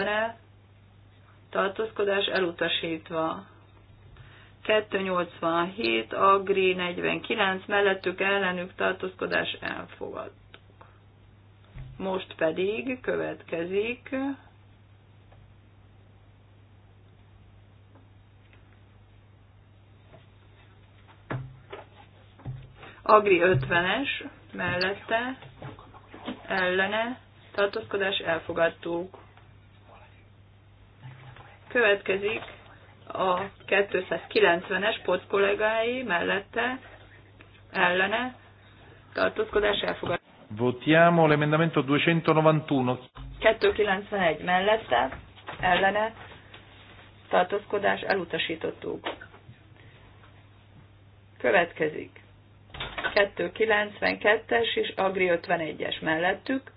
erre tartózkodás elutasítva. 287, Agri 49, mellettük ellenük tartózkodás elfogadtuk. Most pedig következik Agri 50-es, mellette, ellene, tartózkodás elfogadtuk. Következik a 290-es poszkollégái mellette, ellene, tartózkodás elfogadása. Votiamo l'emendamento 291. 291 mellette, ellene, tartózkodás elutasítottuk. Következik 292-es és Agri 51-es mellettük,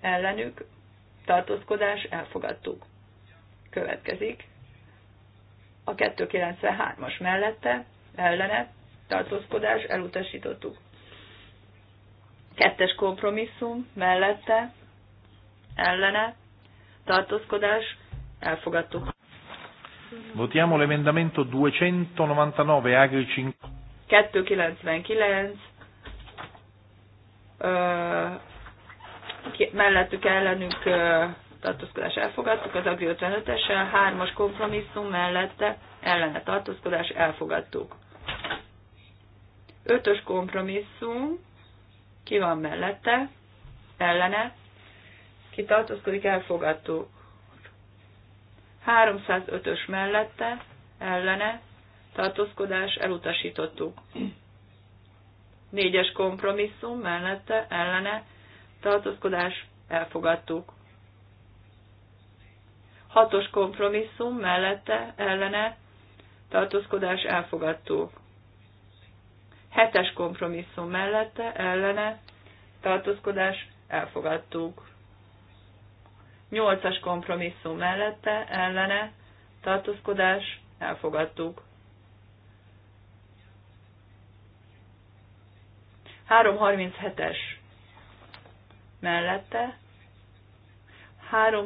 ellenük, tartózkodás elfogadtuk következik. A 293-as mellette ellene tartózkodás elutasítottuk. Kettes kompromisszum mellette ellene tartózkodás elfogadtuk. Votiamo l'emendamento 299 Agri 5. 299 uh, mellettük ellenük uh, tartózkodás elfogadtuk, az Agri 55-essel, hármas kompromisszum mellette ellene tartózkodás elfogadtuk. ötös kompromisszum, ki van mellette, ellene, ki tartózkodik, elfogadtuk. 305-ös mellette, ellene, tartózkodás, elutasítottuk. négyes kompromisszum mellette, ellene, tartózkodás, elfogadtuk. Hatos kompromisszum mellette ellene tartózkodás elfogadtuk. Hetes kompromisszum mellette ellene tartózkodás elfogadtuk. Nyolcas kompromisszum mellette ellene tartózkodás elfogadtuk. harminc hetes mellette,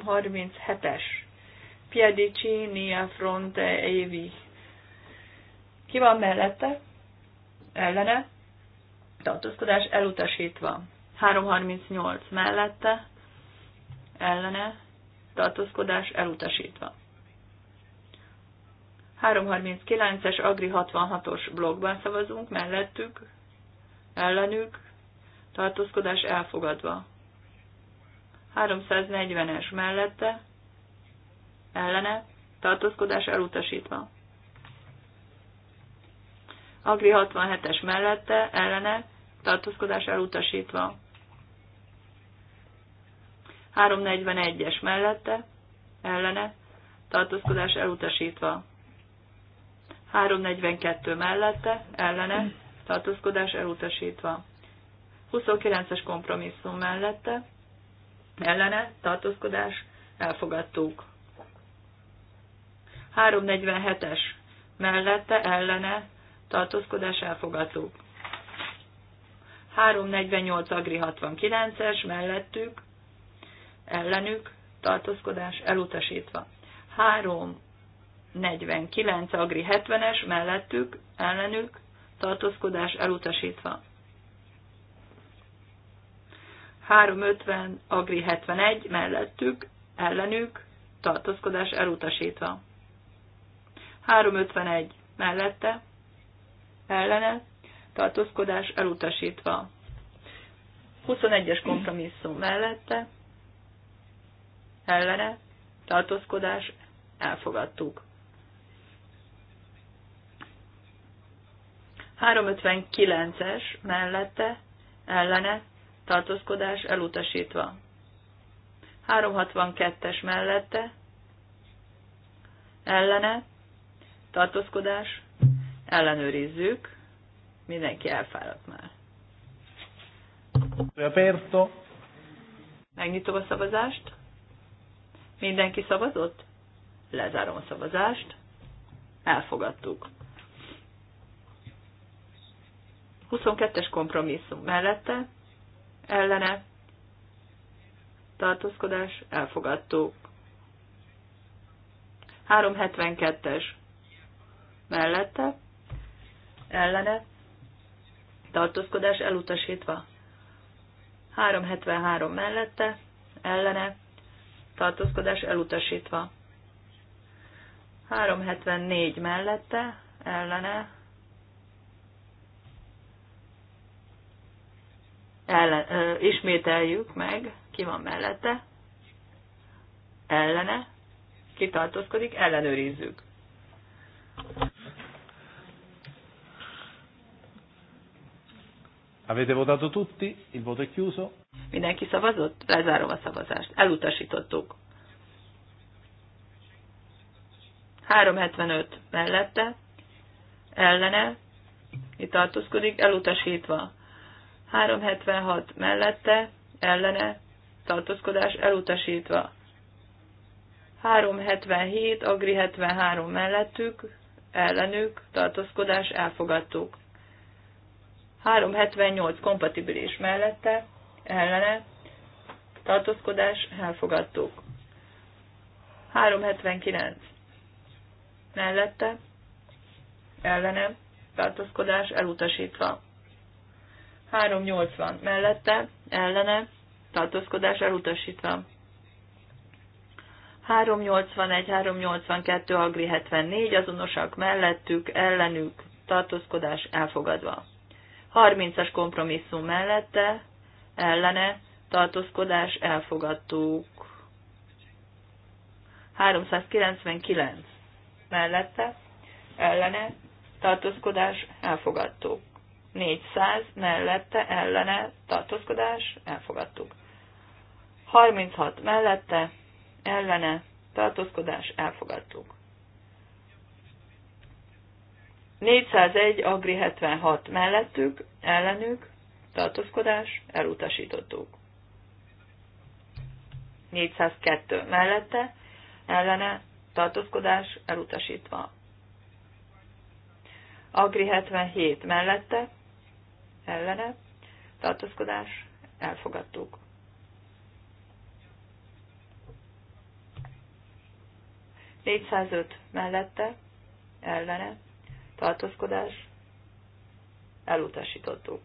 harminc hetes. Piedicini a fronte evi. Ki van mellette? Ellene? Tartózkodás elutasítva. 338 mellette? Ellene? Tartózkodás elutasítva. 339-es Agri 66-os blogban szavazunk, mellettük, ellenük, tartózkodás elfogadva. 340-es mellette, ellene, tartózkodás elutasítva. Agri 67-es mellette, ellene, tartózkodás elutasítva. 341-es mellette, ellene, tartózkodás elutasítva. 342 mellette, ellene, tartózkodás elutasítva. 29-es kompromisszum mellette, ellene, tartózkodás, elfogadtuk. 347-es mellette ellene tartózkodás elfogadó. 348 Agri 69-es mellettük ellenük tartózkodás elutasítva. 349 Agri 70-es mellettük ellenük tartózkodás elutasítva. 350 Agri 71 mellettük ellenük tartózkodás elutasítva. 351 mellette, ellene, tartózkodás elutasítva. 21-es kompromisszum mellette, ellene, tartózkodás elfogadtuk. 359-es mellette, ellene, tartózkodás elutasítva. 362-es mellette, ellene, tartózkodás, ellenőrizzük, mindenki elfáradt már. Aperto. Megnyitom a szavazást. Mindenki szavazott? Lezárom a szavazást. Elfogadtuk. 22-es kompromisszum mellette, ellene, tartózkodás, elfogadtuk. 372-es mellette, ellene, tartózkodás elutasítva. 373 mellette, ellene, tartózkodás elutasítva. 374 mellette, ellene, ellen, ö, ismételjük meg, ki van mellette, ellene, kitartózkodik, ellenőrizzük. Avete votato tutti? Il voto è chiuso. Mindenki szavazott? Lezárom a szavazást. Elutasítottuk. 375 mellette, ellene, itt tartózkodik, elutasítva. 376 mellette, ellene, tartózkodás elutasítva. 377, Agri 73 mellettük, ellenük, tartózkodás elfogadtuk. 378 kompatibilis mellette, ellene, tartózkodás, elfogadtuk. 379 mellette, ellene, tartózkodás, elutasítva. 380 mellette, ellene, tartózkodás, elutasítva. 381-382 Agri 74 azonosak mellettük, ellenük, tartózkodás elfogadva. 30-as kompromisszum mellette, ellene, tartózkodás, elfogadtuk. 399 mellette, ellene, tartózkodás, elfogadtuk. 400 mellette, ellene, tartózkodás, elfogadtuk. 36 mellette, ellene, tartózkodás, elfogadtuk. 401 Agri 76 mellettük, ellenük, tartózkodás, elutasítottuk. 402 mellette, ellene, tartózkodás, elutasítva. Agri 77 mellette, ellene, tartózkodás, elfogadtuk. Négyszázöt mellette, ellene, tartózkodás, elutasítottuk.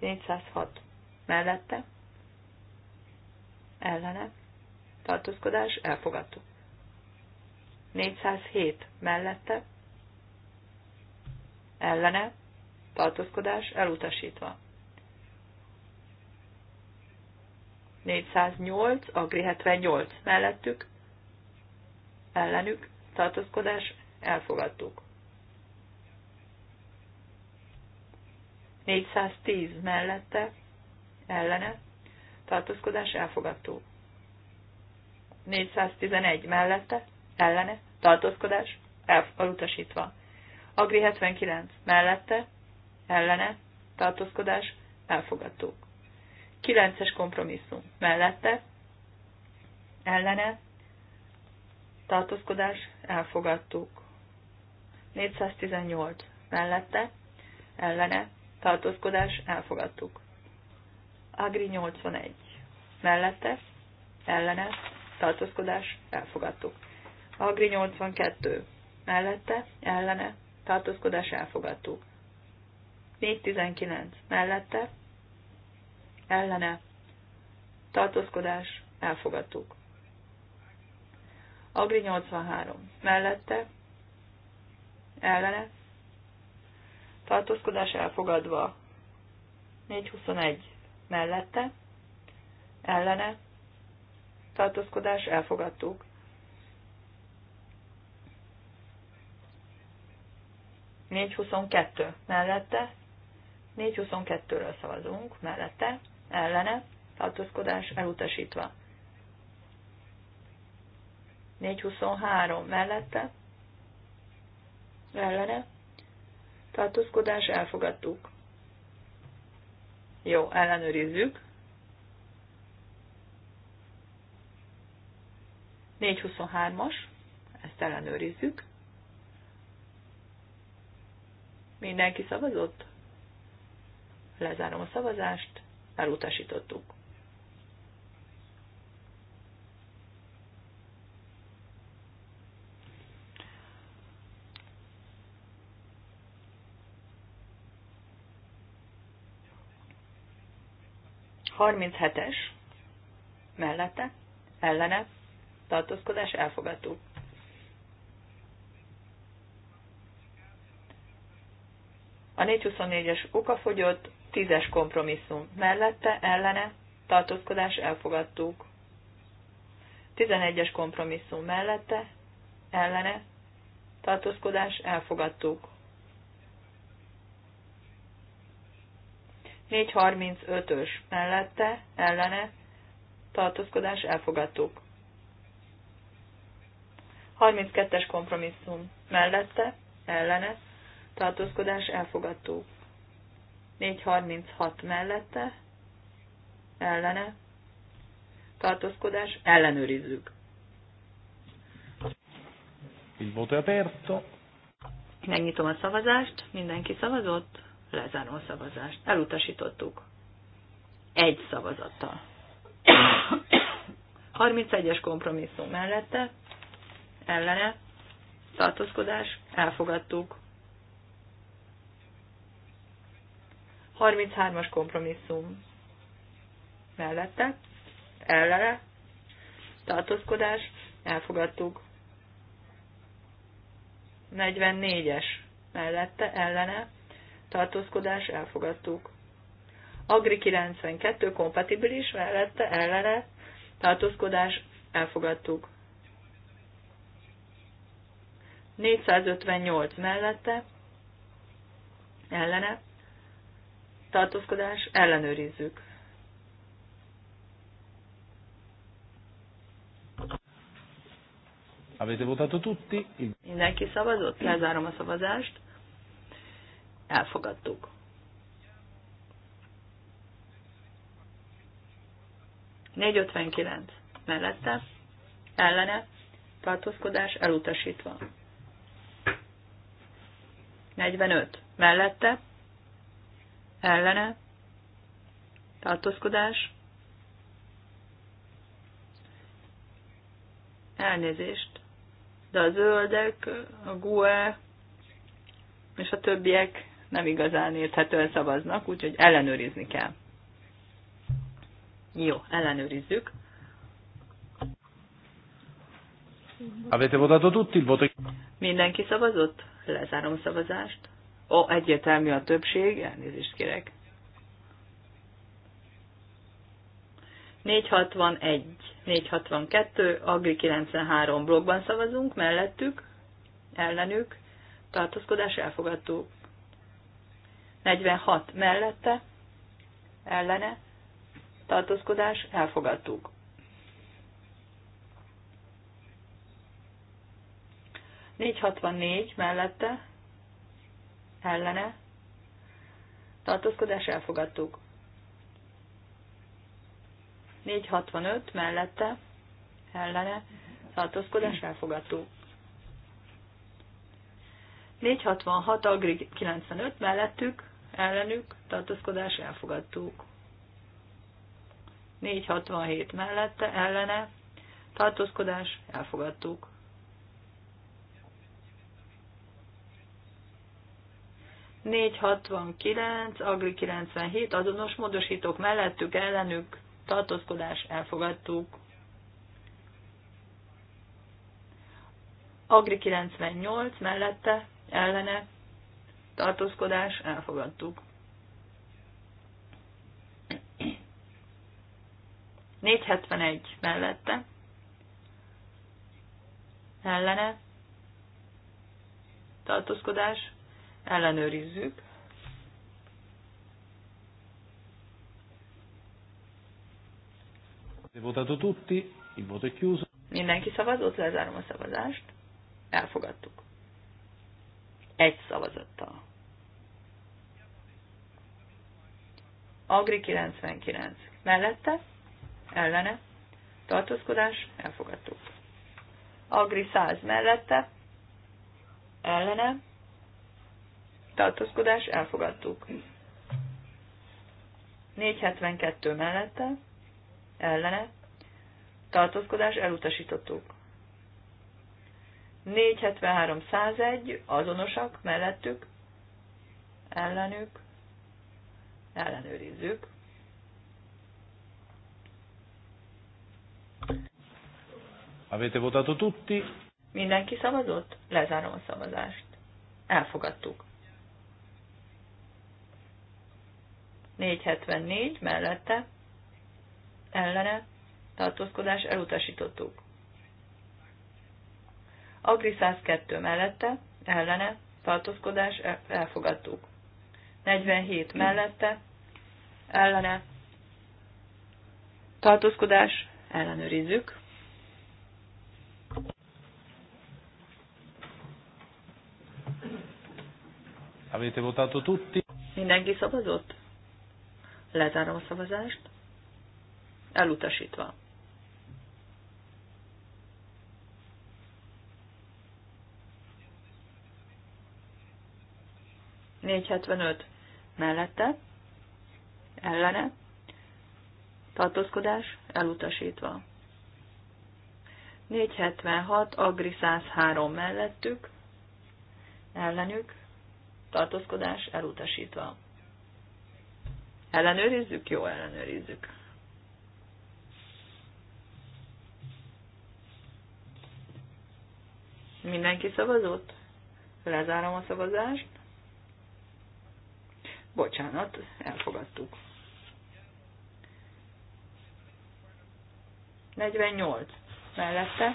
406 mellette, ellene, tartózkodás, elfogadtuk. 407 mellette, ellene, tartózkodás, elutasítva. 408, Agri 78 mellettük, ellenük, tartózkodás, elfogadtuk. 410 mellette, ellene, tartózkodás elfogadó. 411 mellette, ellene, tartózkodás elutasítva. Agri 79 mellette, ellene, tartózkodás elfogadó. 9-es kompromisszum mellette, ellene, tartózkodás elfogadtuk. 418 mellette, ellene, tartózkodás elfogadtuk. Agri 81. Mellette, ellene, tartózkodás elfogadtuk. Agri 82. Mellette, ellene, tartózkodás elfogadtuk. 419. Mellette, ellene, tartózkodás elfogadtuk. Agri 83. Mellette, ellene, tartózkodás elfogadva. 421 mellette, ellene, tartózkodás elfogadtuk. Négy huszonkettő mellette, négy huszonkettőről szavazunk, mellette, ellene, tartózkodás elutasítva. huszonhárom mellette, ellene, tartózkodás, elfogadtuk. Jó, ellenőrizzük. 423-as, ezt ellenőrizzük. Mindenki szavazott? Lezárom a szavazást, elutasítottuk. 37-es mellette, ellene, tartózkodás elfogadó. A 424-es okafogyott, 10-es kompromisszum mellette, ellene, tartózkodás elfogadtuk. 11-es kompromisszum mellette, ellene, tartózkodás elfogadtuk. 435-ös mellette, ellene, tartózkodás elfogadtuk. 32-es kompromisszum mellette, ellene, tartózkodás elfogadtuk. 436 mellette, ellene, tartózkodás ellenőrizzük. Il voto è aperto. Megnyitom a szavazást. Mindenki szavazott? Lezárom a szavazást. Elutasítottuk. Egy szavazattal. 31-es kompromisszum mellette, ellene, tartózkodás, elfogadtuk. 33-as kompromisszum mellette, ellene, tartózkodás, elfogadtuk. 44-es mellette, ellene, tartózkodás elfogadtuk. Agri 92 kompatibilis mellette ellene tartózkodás elfogadtuk. 458 mellette ellene tartózkodás ellenőrizzük. Avete votato tutti? Mindenki szavazott? Lezárom a szavazást elfogadtuk. Négy mellette, ellene, tartózkodás elutasítva. 45 mellette, ellene, tartózkodás, elnézést, de a zöldek, a GUE és a többiek nem igazán érthetően szavaznak, úgyhogy ellenőrizni kell. Jó, ellenőrizzük. Mindenki szavazott? Lezárom a szavazást. Ó, egyértelmű a többség, elnézést kérek. 461, 462, Agri 93 blogban szavazunk, mellettük, ellenük, tartózkodás elfogadtuk. 46 mellette, ellene, tartózkodás, elfogadtuk. Négy hatvannégy mellette, ellene, tartózkodás, elfogadtuk. 465 mellette, ellene, tartózkodás, elfogadtuk. 466 agri 95 mellettük, ellenük tartózkodás elfogadtuk. 467 mellette ellene tartózkodás elfogadtuk. Négy hatvankilenc, Agri 97, azonos módosítók mellettük, ellenük, tartózkodás elfogadtuk. Agri 98 mellette, ellene, tartózkodás, elfogadtuk. 471 mellette, ellene, tartózkodás, ellenőrizzük. Votato tutti, il voto è chiuso. Mindenki szavazott, lezárom a szavazást. Elfogadtuk. Egy szavazattal. Agri 99. Mellette, ellene, tartózkodás, elfogadtuk. Agri 100 mellette, ellene, tartózkodás, elfogadtuk. 472 mellette, ellene, tartózkodás, elutasítottuk. 473 101, azonosak, mellettük, ellenük, ellenőrizzük. Avete votato tutti? Mindenki szavazott? Lezárom a szavazást. Elfogadtuk. 474 mellette, ellene, tartózkodás elutasítottuk. Agri 102 mellette, ellene, tartózkodás elfogadtuk. 47 mellette, ellene, tartózkodás, ellenőrizzük. Avete votato tutti? Mindenki szavazott? Lezárom a szavazást. Elutasítva. 475 mellette, ellene, tartózkodás elutasítva. 476 Agri 103 mellettük, ellenük, tartózkodás elutasítva. Ellenőrizzük? Jó, ellenőrizzük. Mindenki szavazott? Lezárom a szavazást. Bocsánat, elfogadtuk. 48 mellette,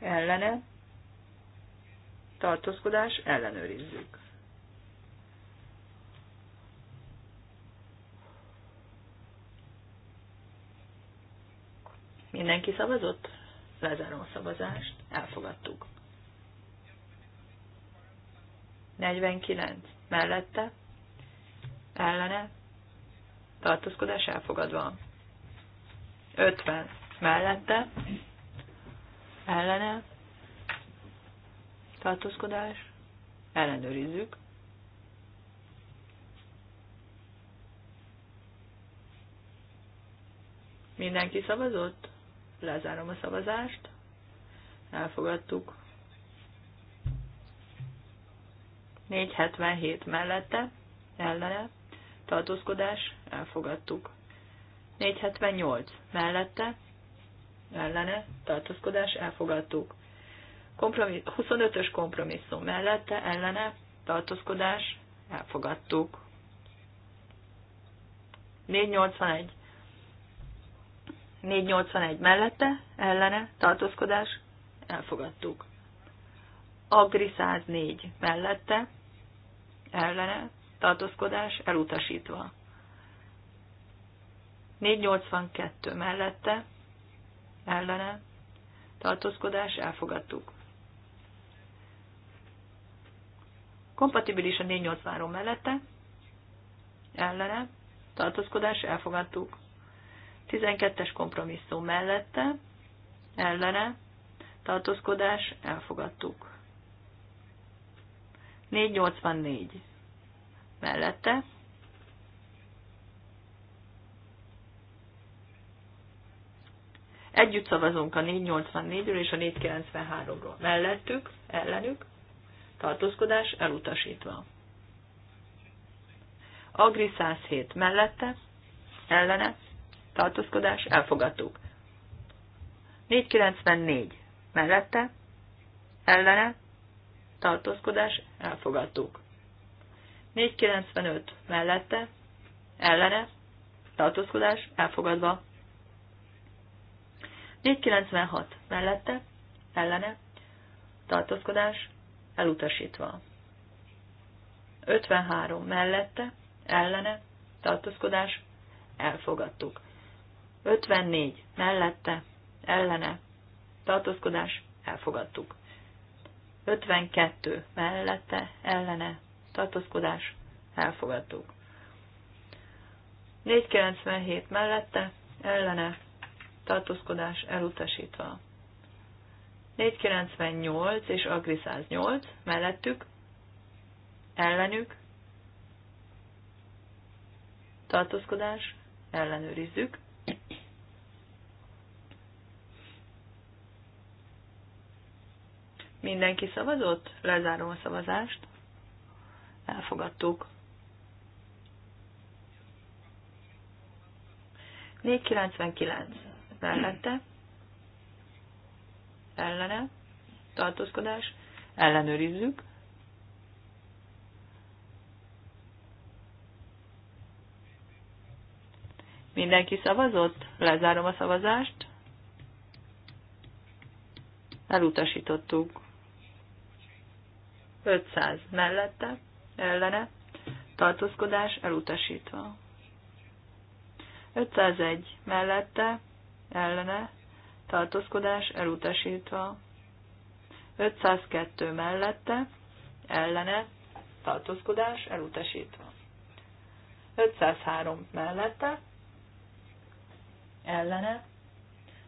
ellene, tartózkodás, ellenőrizzük. Mindenki szavazott? Lezárom a szavazást. Elfogadtuk. 49 mellette, ellene, tartózkodás elfogadva. 50 mellette, ellene, tartózkodás, ellenőrizzük. Mindenki szavazott? Lezárom a szavazást. Elfogadtuk. 477 mellette, ellene, tartózkodás, elfogadtuk. 478 mellette, ellene, tartózkodás, elfogadtuk. 25-ös kompromisszum mellette, ellene, tartózkodás, elfogadtuk. 481. 481 mellette, ellene, tartózkodás, elfogadtuk. Agri 104 mellette, ellene tartózkodás elutasítva. 482 mellette ellene tartózkodás elfogadtuk. Kompatibilis a 483 mellette ellene tartózkodás elfogadtuk. 12-es kompromisszum mellette ellene tartózkodás elfogadtuk. 484 mellette. Együtt szavazunk a 484-ről és a 493-ról. Mellettük, ellenük, tartózkodás elutasítva. Agri 107 mellette, ellene, tartózkodás, elfogadtuk. 494 mellette, ellene, tartózkodás, elfogadtuk. 495 mellette, ellene, tartózkodás, elfogadva. 496 mellette, ellene, tartózkodás, elutasítva. 53 mellette, ellene, tartózkodás, elfogadtuk. 54 mellette, ellene, tartózkodás, elfogadtuk. 52 mellette, ellene, tartózkodás, elfogadtuk. 497 mellette, ellene, tartózkodás elutasítva. 498 és Agri 108 mellettük, ellenük, tartózkodás, ellenőrizzük. Mindenki szavazott? Lezárom a szavazást. Elfogadtuk. 499 mellette, ellene, tartózkodás, ellenőrizzük. Mindenki szavazott? Lezárom a szavazást. Elutasítottuk. 500 mellette, ellene, tartózkodás elutasítva. 501 mellette, ellene, tartózkodás elutasítva. 502 mellette, ellene, tartózkodás elutasítva. 503 mellette, ellene,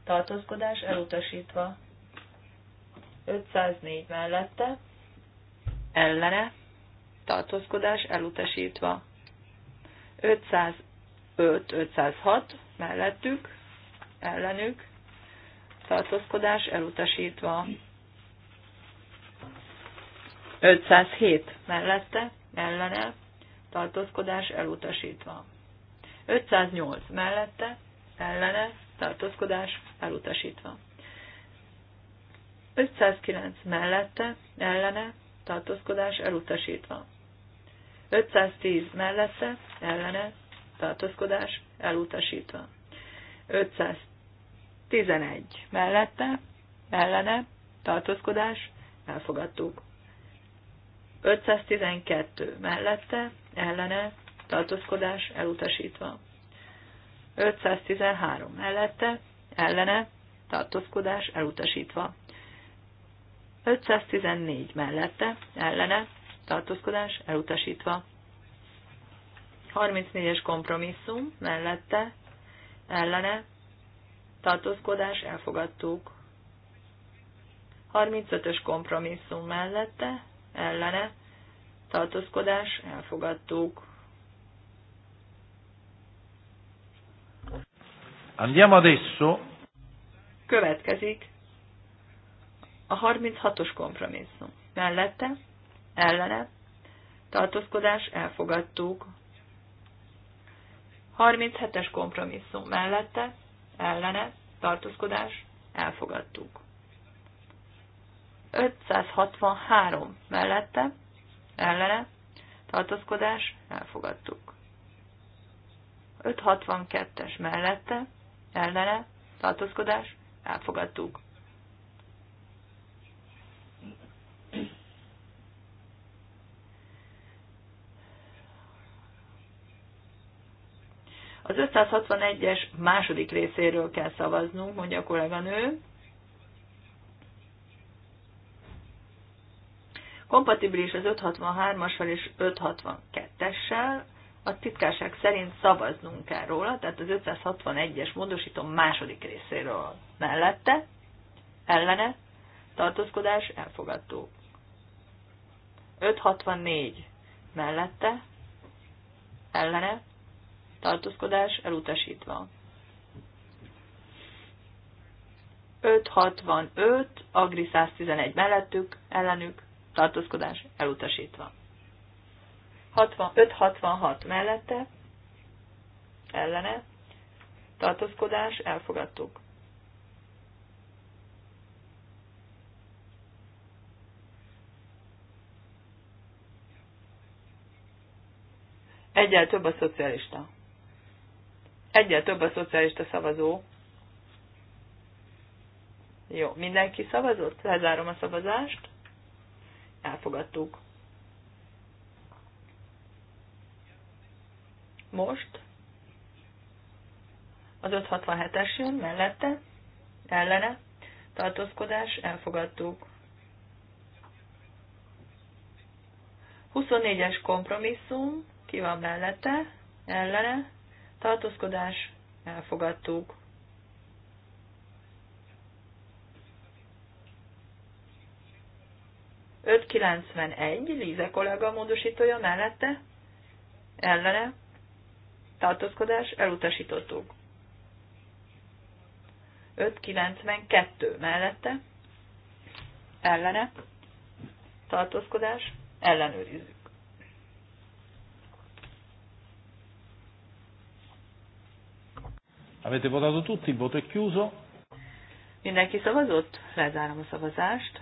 tartózkodás elutasítva. 504 mellette, ellene, tartózkodás elutasítva. 505-506 mellettük, ellenük, tartózkodás elutasítva. 507 mellette, ellene, tartózkodás elutasítva. 508 mellette, ellene, tartózkodás elutasítva. 509 mellette, ellene, tartózkodás elutasítva. 510 mellette, ellene, tartózkodás elutasítva. 511 mellette, ellene, tartózkodás elfogadtuk. 512 mellette, ellene, tartózkodás elutasítva. 513 mellette, ellene, tartózkodás elutasítva. 514 mellette, ellene, tartózkodás elutasítva. 34-es kompromisszum mellette, ellene, tartózkodás elfogadtuk. 35-ös kompromisszum mellette, ellene, tartózkodás elfogadtuk. Andiamo adesso. Következik a 36-os kompromisszum. Mellette, ellene, tartózkodás, elfogadtuk. 37-es kompromisszum. Mellette, ellene, tartózkodás, elfogadtuk. 563 mellette, ellene, tartózkodás, elfogadtuk. 562-es mellette, ellene, tartózkodás, elfogadtuk. Az 561-es második részéről kell szavaznunk, mondja a kolléganő. Kompatibilis az 563-assal és 562-essel, a titkárság szerint szavaznunk kell róla, tehát az 561-es módosító második részéről mellette, ellene, tartózkodás, elfogadó. 564 mellette, ellene, tartózkodás elutasítva. 565, Agri 111 mellettük, ellenük, tartózkodás elutasítva. 566 mellette, ellene, tartózkodás elfogadtuk. Egyel több a szocialista. Egyel több a szocialista szavazó. Jó, mindenki szavazott? Lezárom a szavazást. Elfogadtuk. Most az 567-es jön mellette, ellene, tartózkodás, elfogadtuk. 24-es kompromisszum, ki van mellette, ellene, tartózkodás, elfogadtuk. egy Líze kollega módosítója mellette, ellene, tartózkodás, elutasítottuk. 592 mellette, ellene, tartózkodás, ellenőrizzük. Avete votato tutti, il voto è chiuso. Mindenki szavazott? Lezárom a szavazást.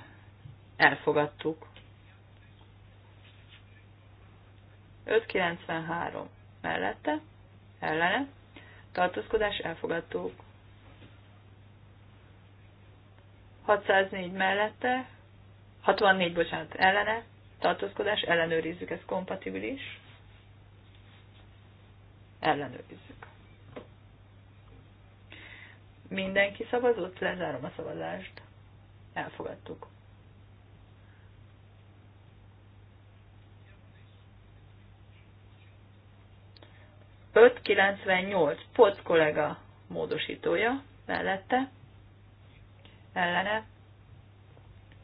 Elfogadtuk. 593 mellette, ellene, tartózkodás elfogadtuk. 604 mellette, 64, bocsánat, ellene, tartózkodás, ellenőrizzük, ez kompatibilis. Ellenőrizzük. Mindenki szavazott, lezárom a szavazást. Elfogadtuk. Öt kilencvennyolc pot kollega módosítója mellette, ellene,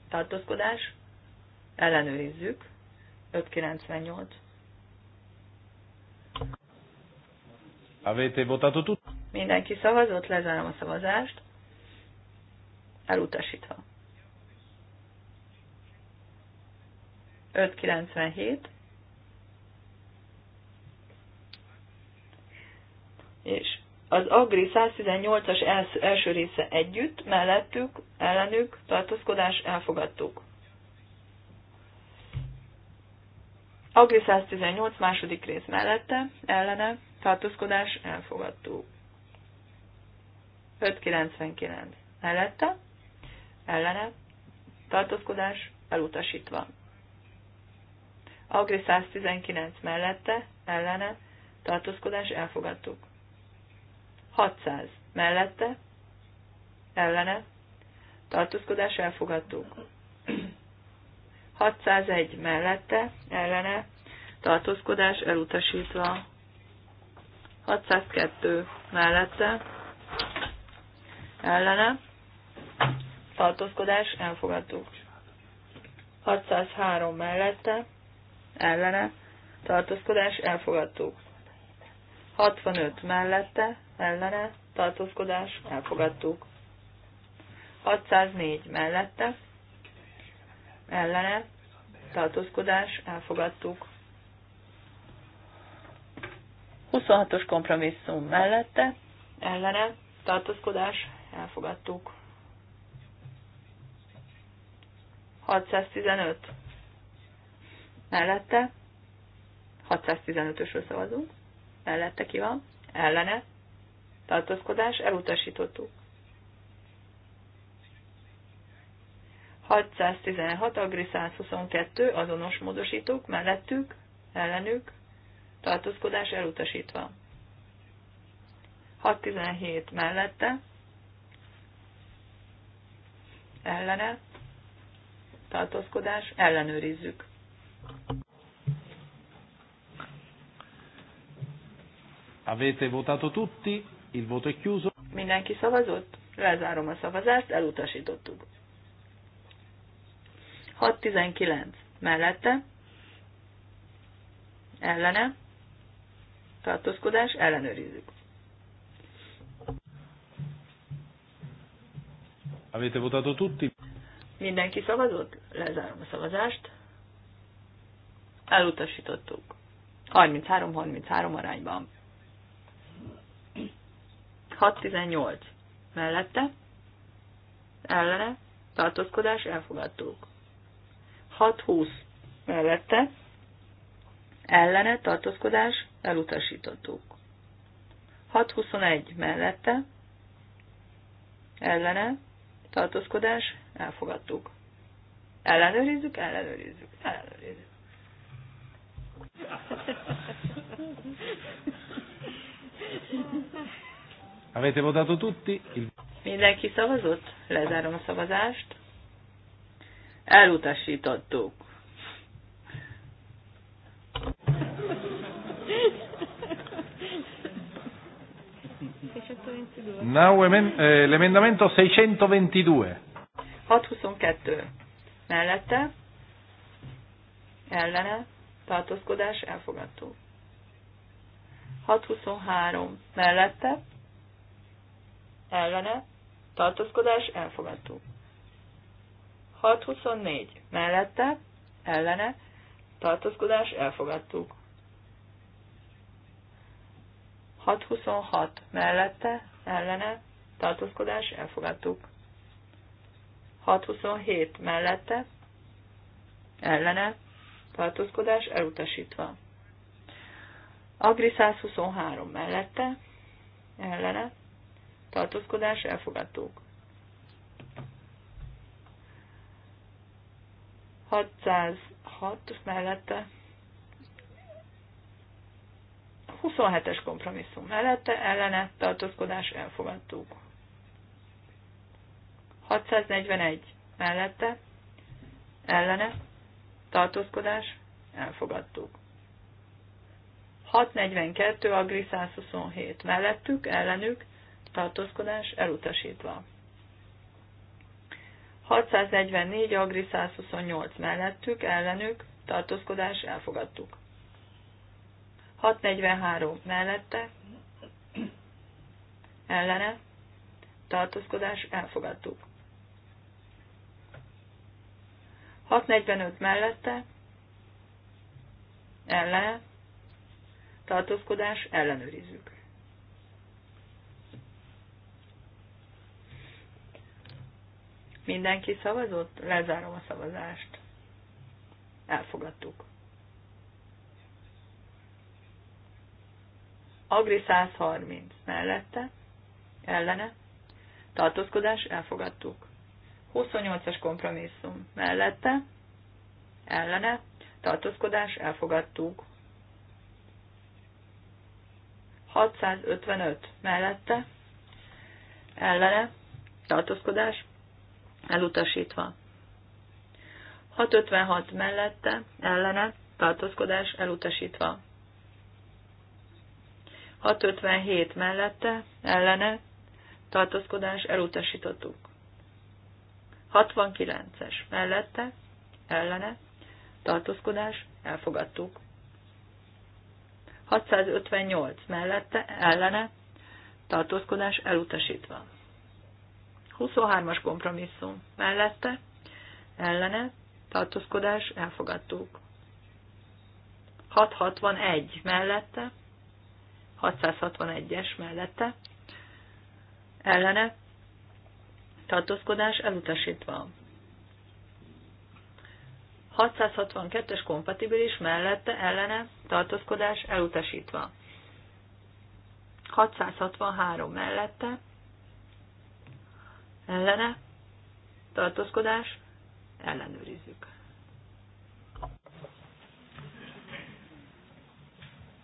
tartózkodás, ellenőrizzük, 598. Avete votato tutto. Mindenki szavazott, lezárom a szavazást. Elutasítva. 597. És az Agri 118-as első része együtt, mellettük, ellenük, tartózkodás, elfogadtuk. Agri 118 második rész mellette, ellene, tartózkodás, elfogadtuk. 599 mellette, ellene, tartózkodás elutasítva. Agri 119 mellette, ellene, tartózkodás elfogadtuk. 600 mellette, ellene, tartózkodás elfogadtuk. 601 mellette, ellene, tartózkodás elutasítva. 602 mellette, ellene, tartózkodás, elfogadtuk. 603 mellette, ellene, tartózkodás, elfogadtuk. 65 mellette, ellene, tartózkodás, elfogadtuk. 604 mellette, ellene, tartózkodás, elfogadtuk. 26-os kompromisszum mellette, ellene, tartózkodás, elfogadtuk. 615 mellette, 615-ösről szavazunk, mellette ki van, ellene, tartózkodás, elutasítottuk. 616, Agri 122, azonos módosítók, mellettük, ellenük, tartózkodás elutasítva. 617 mellette, ellene, tartózkodás, ellenőrizzük. Avete votato tutti, il voto è chiuso. Mindenki szavazott? Lezárom a szavazást, elutasítottuk. 6.19. Mellette, ellene, tartózkodás, ellenőrizzük. Avete votato tutti? Mindenki szavazott? Lezárom a szavazást. Elutasítottuk. 33-33 arányban. 618. Mellette? Ellene? Tartózkodás? Elfogadtuk. 620. Mellette? Ellene? Tartózkodás? Elutasítottuk. 621 Mellette? Ellene? tartózkodás, elfogadtuk. Ellenőrizzük, ellenőrizzük, ellenőrizzük. Avete votato tutti? Mindenki szavazott? Lezárom a szavazást. Elutasítottuk. 622. Now, eh, l'emendamento 622. 622. Mellette, ellene, tartózkodás, elfogadó. 623. Mellette, ellene, tartózkodás, elfogadó. 624. Mellette, ellene, tartózkodás, elfogadtuk. 626 mellette, ellene, tartózkodás, elfogadtuk. 627 mellette, ellene, tartózkodás, elutasítva. Agri 123 mellette, ellene, tartózkodás, elfogadtuk. 606 mellette, 27-es kompromisszum mellette ellene tartózkodás elfogadtuk. 641 mellette ellene tartózkodás elfogadtuk. 642 agri 127 mellettük ellenük tartózkodás elutasítva. 644 agri 128 mellettük ellenük tartózkodás elfogadtuk. 643 mellette ellene tartózkodás elfogadtuk. 645 mellette ellene tartózkodás ellenőrizzük. Mindenki szavazott? Lezárom a szavazást. Elfogadtuk. Agri 130 mellette, ellene, tartózkodás, elfogadtuk. 28-as kompromisszum mellette, ellene, tartózkodás, elfogadtuk. 655 mellette, ellene, tartózkodás, elutasítva. 656 mellette, ellene, tartózkodás, elutasítva. 657 mellette, ellene, tartózkodás elutasítottuk. 69-es mellette, ellene, tartózkodás elfogadtuk. 658 mellette, ellene, tartózkodás elutasítva. 23-as kompromisszum mellette, ellene, tartózkodás elfogadtuk. 661 mellette, 661-es mellette ellene tartózkodás elutasítva. 662-es kompatibilis mellette ellene tartózkodás elutasítva. 663 mellette ellene tartózkodás ellenőrizzük.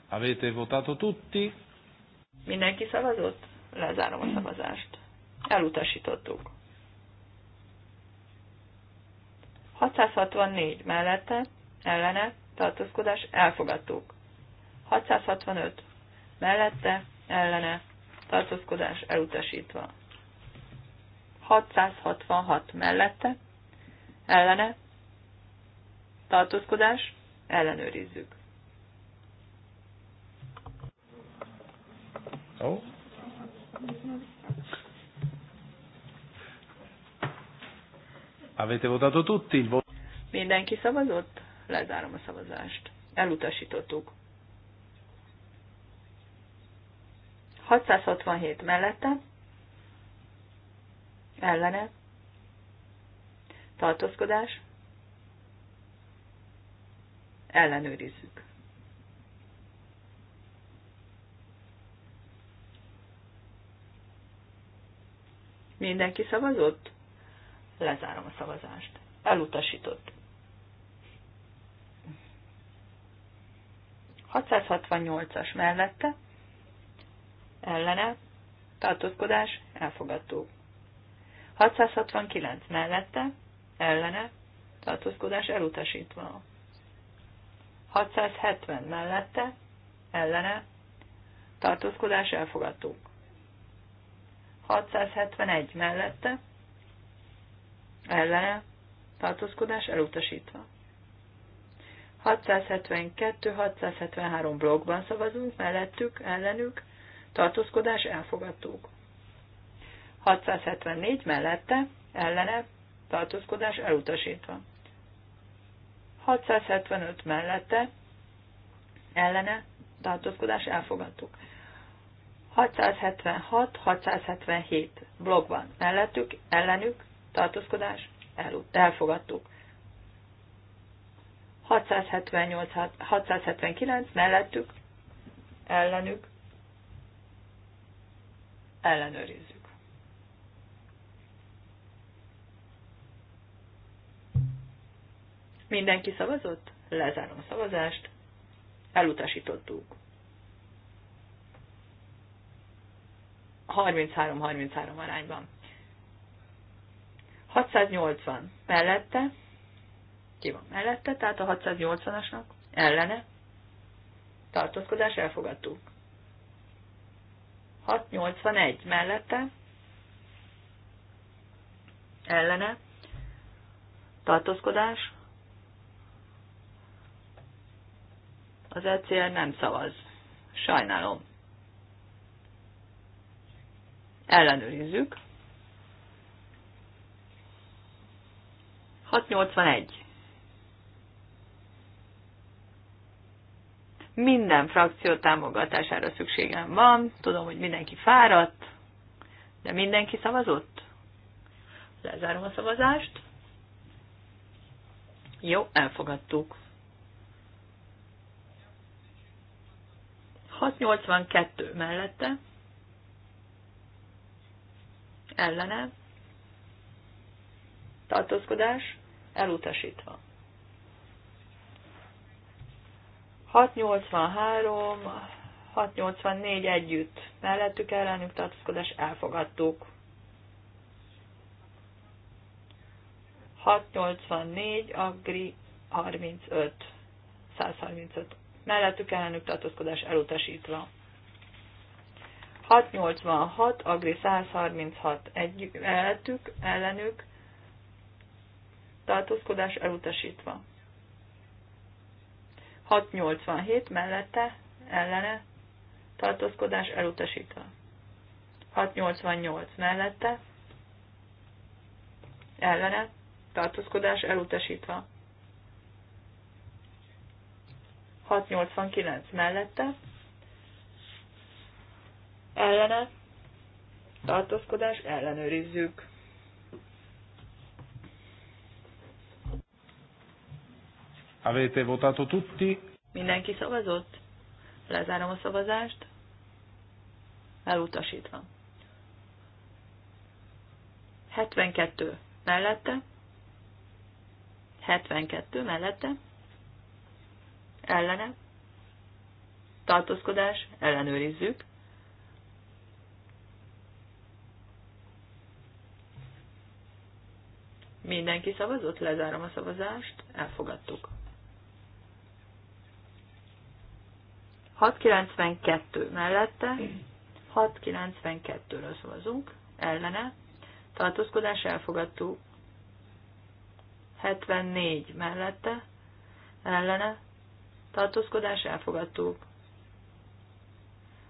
Avete votato tutti? Mindenki szavazott? Lezárom a szavazást. Elutasítottuk. 664 mellette, ellene, tartózkodás, elfogadtuk. 665 mellette, ellene, tartózkodás, elutasítva. 666 mellette, ellene, tartózkodás, ellenőrizzük. Avete votato tutti il voto? Mindenki szavazott? Lezárom a szavazást. Elutasítottuk. 667 mellette, ellene, tartózkodás, ellenőrizzük. Mindenki szavazott? Lezárom a szavazást. Elutasított. 668-as mellette ellene tartózkodás elfogadtó. 669 mellette ellene tartózkodás elutasítva. 670 mellette ellene tartózkodás elfogadtuk. 671 mellette ellene tartózkodás elutasítva. 672-673 blogban szavazunk, mellettük, ellenük, tartózkodás elfogadtuk. 674 mellette, ellene, tartózkodás elutasítva. 675 mellette, ellene, tartózkodás elfogadtuk. 676-677 blogban mellettük, ellenük, tartózkodás, el, elfogadtuk. 678-679 mellettük, ellenük, ellenőrizzük. Mindenki szavazott? Lezárom a szavazást. Elutasítottuk. 33-33 arányban. 680 mellette, ki van mellette, tehát a 680-asnak ellene tartózkodás elfogadtuk. 681 mellette, ellene tartózkodás, az ECR nem szavaz. Sajnálom. Ellenőrizzük. 681. Minden frakció támogatására szükségem van. Tudom, hogy mindenki fáradt, de mindenki szavazott. Lezárom a szavazást. Jó, elfogadtuk. 682 mellette ellene, tartózkodás, elutasítva. 683, 684 együtt mellettük ellenük tartózkodás elfogadtuk. 684, Agri 35, 135 mellettük ellenük tartózkodás elutasítva. 686, Agri 136 egy, eltük, ellenük, tartózkodás elutasítva. 687 mellette, ellene, tartózkodás elutasítva. 688 mellette, ellene, tartózkodás elutasítva. 689 mellette, ellene tartózkodás ellenőrizzük. Avete votato tutti? Mindenki szavazott? Lezárom a szavazást. Elutasítva. 72 mellette. 72 mellette. Ellene. Tartózkodás. Ellenőrizzük. Mindenki szavazott, lezárom a szavazást, elfogadtuk. 692 mellette, 692-ről szavazunk, ellene, tartózkodás elfogadtuk, 74 mellette, ellene, tartózkodás elfogadtuk,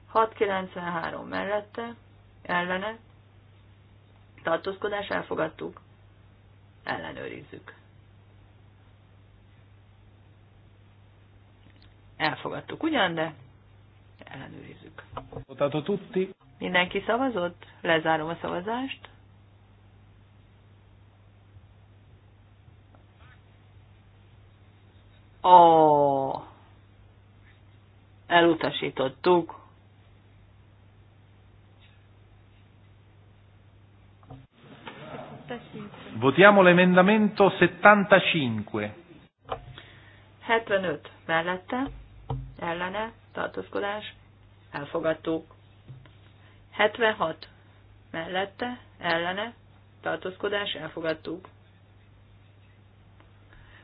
693 mellette, ellene, tartózkodás elfogadtuk, ellenőrizzük. Elfogadtuk ugyan, de ellenőrizzük. Mindenki szavazott? Lezárom a szavazást. Ó, oh, elutasítottuk. Votiamo l'emendamento 75. 75 mellette, ellene, tartózkodás, elfogadtuk. 76 mellette, ellene, tartózkodás, elfogadtuk.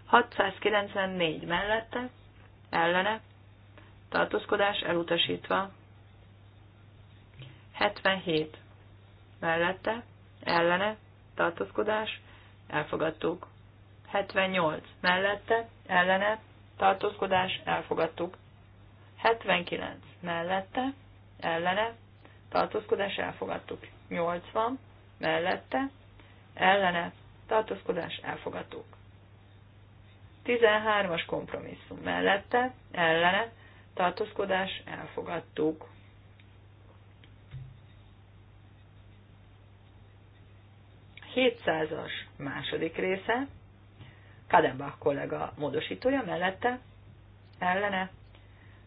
694 mellette, ellene, tartózkodás elutasítva. 77 mellette, ellene, tartózkodás elfogadtuk. 78 mellette, ellene, tartózkodás, elfogadtuk. 79 mellette, ellene, tartózkodás, elfogadtuk. 80 mellette, ellene, tartózkodás, elfogadtuk. 13-as kompromisszum mellette, ellene, tartózkodás, elfogadtuk. 700-as második része, Kadenbach kollega módosítója mellette, ellene,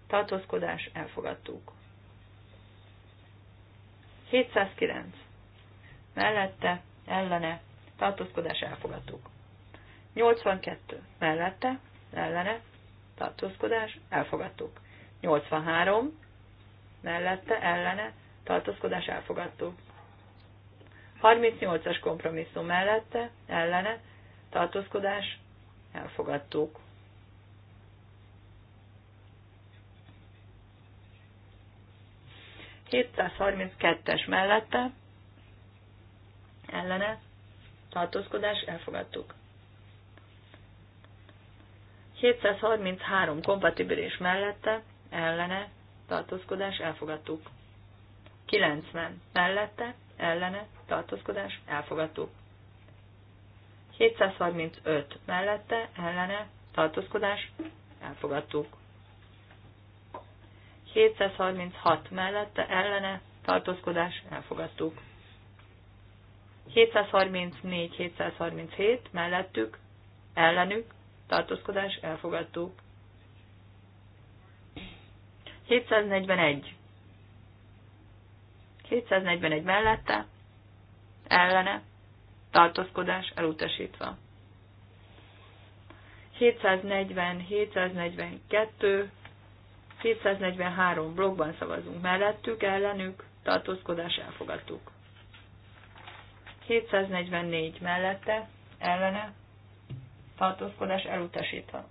tartózkodás, elfogadtuk. 709. Mellette, ellene, tartózkodás, elfogadtuk. 82. Mellette, ellene, tartózkodás, elfogadtuk. 83. Mellette, ellene, tartózkodás, elfogadtuk. 38-as kompromisszum mellette, ellene, tartózkodás, elfogadtuk. es mellette, ellene, tartózkodás, elfogadtuk. 733 kompatibilis mellette, ellene, tartózkodás, elfogadtuk. 90 mellette, ellene, tartózkodás, elfogadtuk. 735 mellette, ellene, tartózkodás, elfogadtuk. 736 mellette, ellene, tartózkodás, elfogadtuk. 734-737 mellettük, ellenük, tartózkodás, elfogadtuk. 741 241 mellette, ellene, tartózkodás elutasítva. 740, 742, 743 blogban szavazunk mellettük, ellenük, tartózkodás elfogadtuk. 744 mellette, ellene, tartózkodás elutasítva.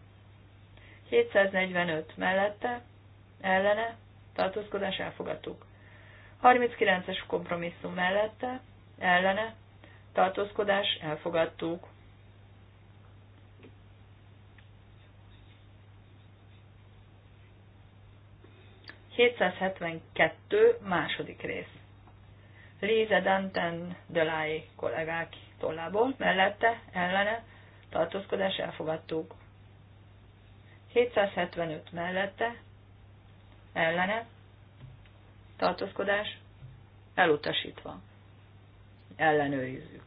745 mellette, ellene, tartózkodás elfogadtuk. 39-es kompromisszum mellette, ellene, tartózkodás, elfogadtuk. ...772 második rész. Lise Danten Delay kollégák tollából, mellette, ellene, tartózkodás elfogadtuk. 775 mellette, ellene, tartózkodás elutasítva. Ellenőrizzük.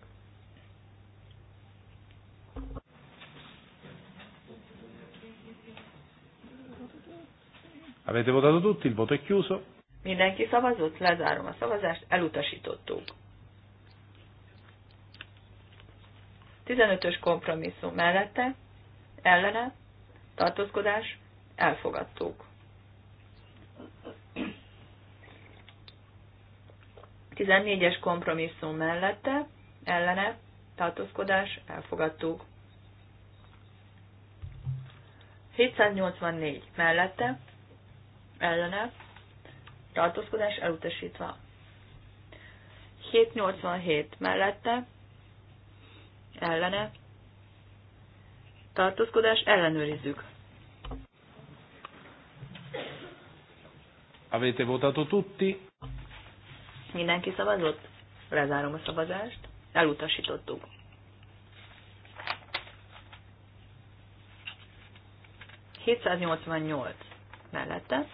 Avete votato tutti, il voto è chiuso. Mindenki szavazott, lezárom a szavazást, elutasítottuk. 15-ös kompromisszum mellette, ellene, tartózkodás, elfogadtuk. 14-es kompromisszum mellette, ellene, tartózkodás, elfogadtuk. 784 mellette, ellene, tartózkodás elutasítva. 787 mellette, ellene, tartózkodás ellenőrizzük. Avete votato tutti? Mindenki szavazott? Lezárom a szavazást. Elutasítottuk. ...788 mellette,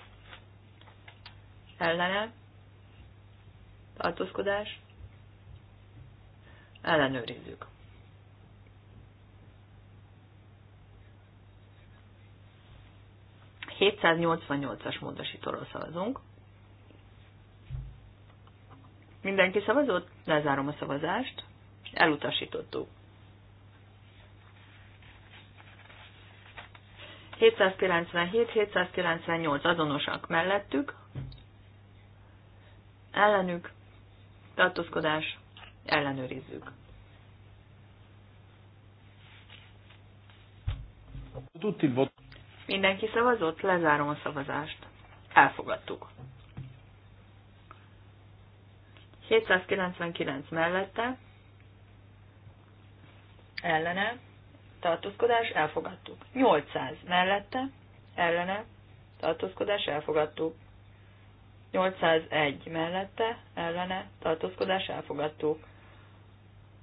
ellene, tartózkodás, ellenőrizzük. ...788-as módosítóról szavazunk. Mindenki szavazott? Lezárom a szavazást. Elutasítottuk. 797-798 azonosak mellettük, ellenük, tartózkodás, ellenőrizzük. Mindenki szavazott? Lezárom a szavazást. Elfogadtuk. 799 mellette ellene tartózkodás elfogadtuk. 800 mellette ellene tartózkodás elfogadtuk. 801 mellette ellene tartózkodás elfogadtuk.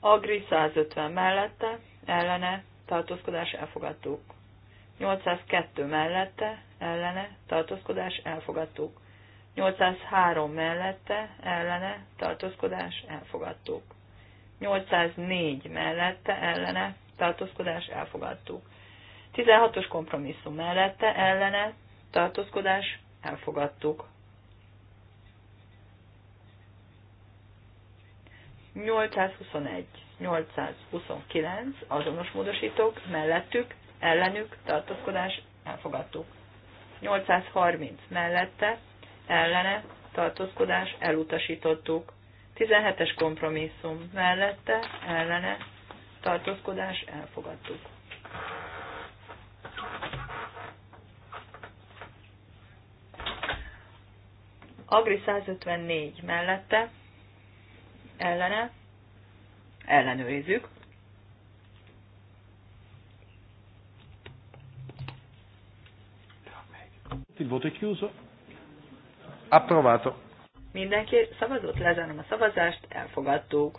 Agri 150 mellette ellene tartózkodás elfogadtuk. 802 mellette ellene tartózkodás elfogadtuk. 803 mellette, ellene, tartózkodás, elfogadtuk. 804 mellette, ellene, tartózkodás, elfogadtuk. 16-os kompromisszum mellette, ellene, tartózkodás, elfogadtuk. 821, 829 azonos módosítók mellettük, ellenük tartózkodás elfogadtuk. 830 mellette, ellene, tartózkodás, elutasítottuk. 17-es kompromisszum mellette, ellene, tartózkodás, elfogadtuk. Agri 154 mellette, ellene, ellenőrizzük. Il voto è chiuso. Approvato. Mindenki szavazott, lezárom a szavazást, elfogadtuk.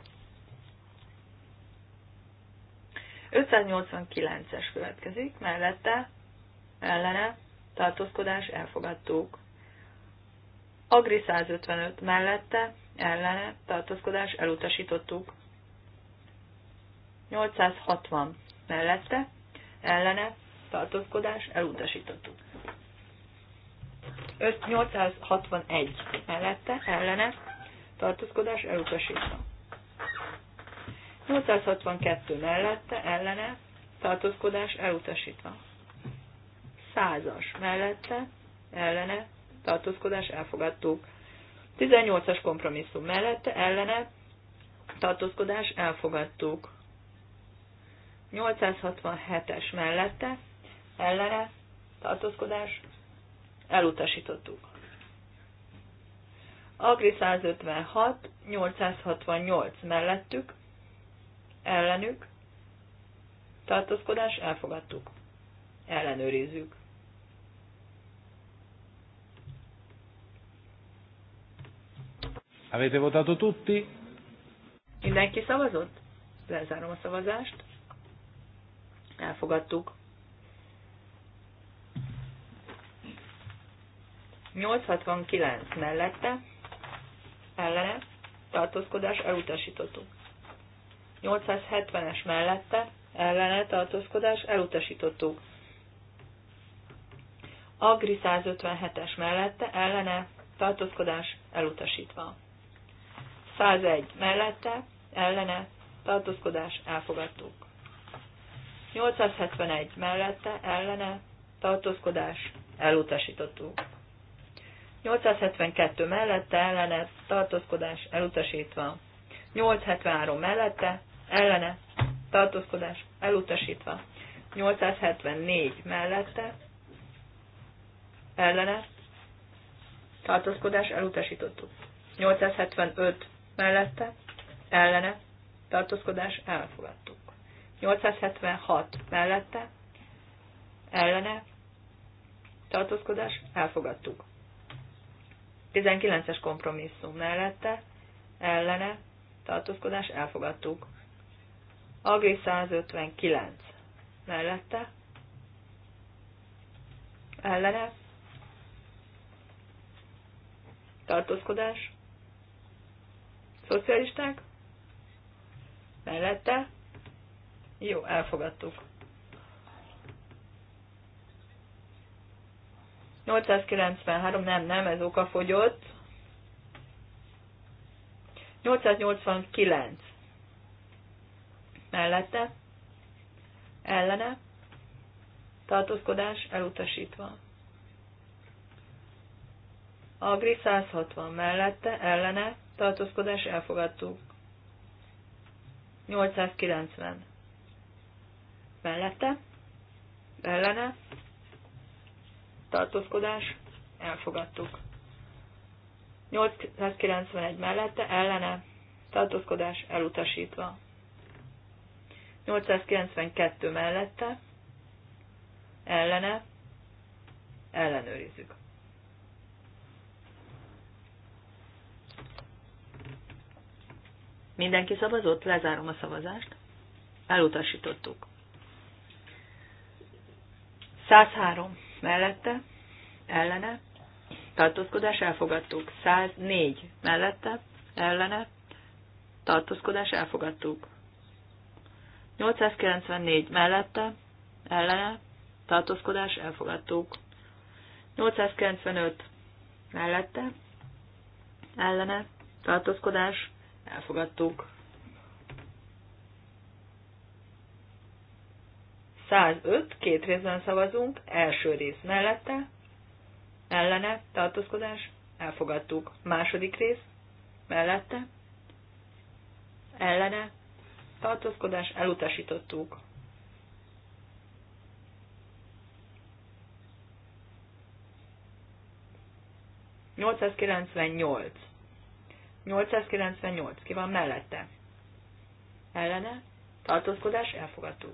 589-es következik, mellette, ellene, tartózkodás, elfogadtuk. Agri 155 mellette, ellene, tartózkodás, elutasítottuk. 860 mellette, ellene, tartózkodás, elutasítottuk. 5861 mellette, ellene, tartózkodás elutasítva. 862 mellette, ellene, tartózkodás elutasítva. 100-as mellette, ellene, tartózkodás elfogadtuk. 18-as kompromisszum mellette, ellene, tartózkodás elfogadtuk. 867-es mellette, ellene, tartózkodás elutasítottuk. Agri 156, 868 mellettük, ellenük, tartózkodás elfogadtuk, ellenőrizzük. Avete votato tutti? Mindenki szavazott? Lezárom a szavazást. Elfogadtuk. 869 mellette ellene tartózkodás elutasítottuk. 870-es mellette ellene tartózkodás elutasítottuk. Agri 157-es mellette ellene tartózkodás elutasítva. 101 mellette ellene tartózkodás elfogadtuk. 871 mellette ellene tartózkodás elutasítottuk. 872 mellette ellene tartózkodás elutasítva. 873 mellette ellene tartózkodás elutasítva. 874 mellette ellene tartózkodás elutasítottuk. 875 mellette ellene tartózkodás elfogadtuk. 876 mellette ellene tartózkodás elfogadtuk. 19-es kompromisszum mellette, ellene, tartózkodás elfogadtuk. AG 159 mellette, ellene, tartózkodás, szocialisták, mellette, jó, elfogadtuk. 893, nem, nem, ez oka fogyott. 889. Mellette. Ellene. Tartózkodás elutasítva. Agri 160 mellette, ellene, tartózkodás elfogadtuk. 890. Mellette, ellene, tartózkodás, elfogadtuk. 891 mellette ellene tartózkodás elutasítva. 892 mellette ellene ellenőrizzük. Mindenki szavazott? Lezárom a szavazást. Elutasítottuk. 103 mellette, ellene, tartózkodás elfogadtuk. 104 mellette, ellene, tartózkodás elfogadtuk. 894 mellette, ellene, tartózkodás elfogadtuk. 895 mellette, ellene, tartózkodás elfogadtuk. 105, két részben szavazunk, első rész mellette, ellene, tartózkodás, elfogadtuk. Második rész, mellette, ellene, tartózkodás, elutasítottuk. Nyolcszázkilencvennyolc. 898. Ki van mellette? Ellene? Tartózkodás? Elfogadtuk.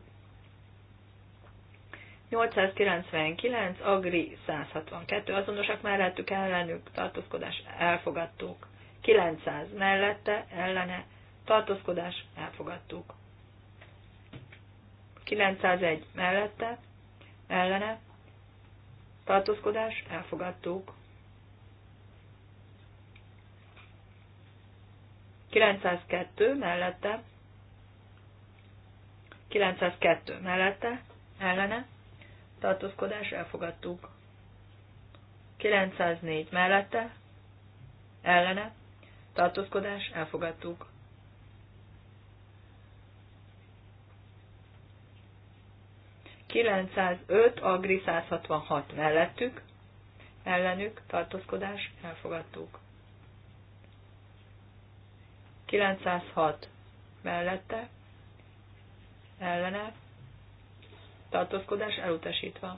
899, Agri 162, azonosak mellettük ellenük tartózkodás elfogadtuk. 900 mellette ellene tartózkodás elfogadtuk. 901 mellette ellene tartózkodás elfogadtuk. 902 mellette 902 mellette ellene tartózkodás elfogadtuk. 904 mellette, ellene, tartózkodás elfogadtuk. ...905, Agri 166 mellettük, ellenük tartózkodás elfogadtuk. 906 mellette, ellene tartózkodás elutasítva.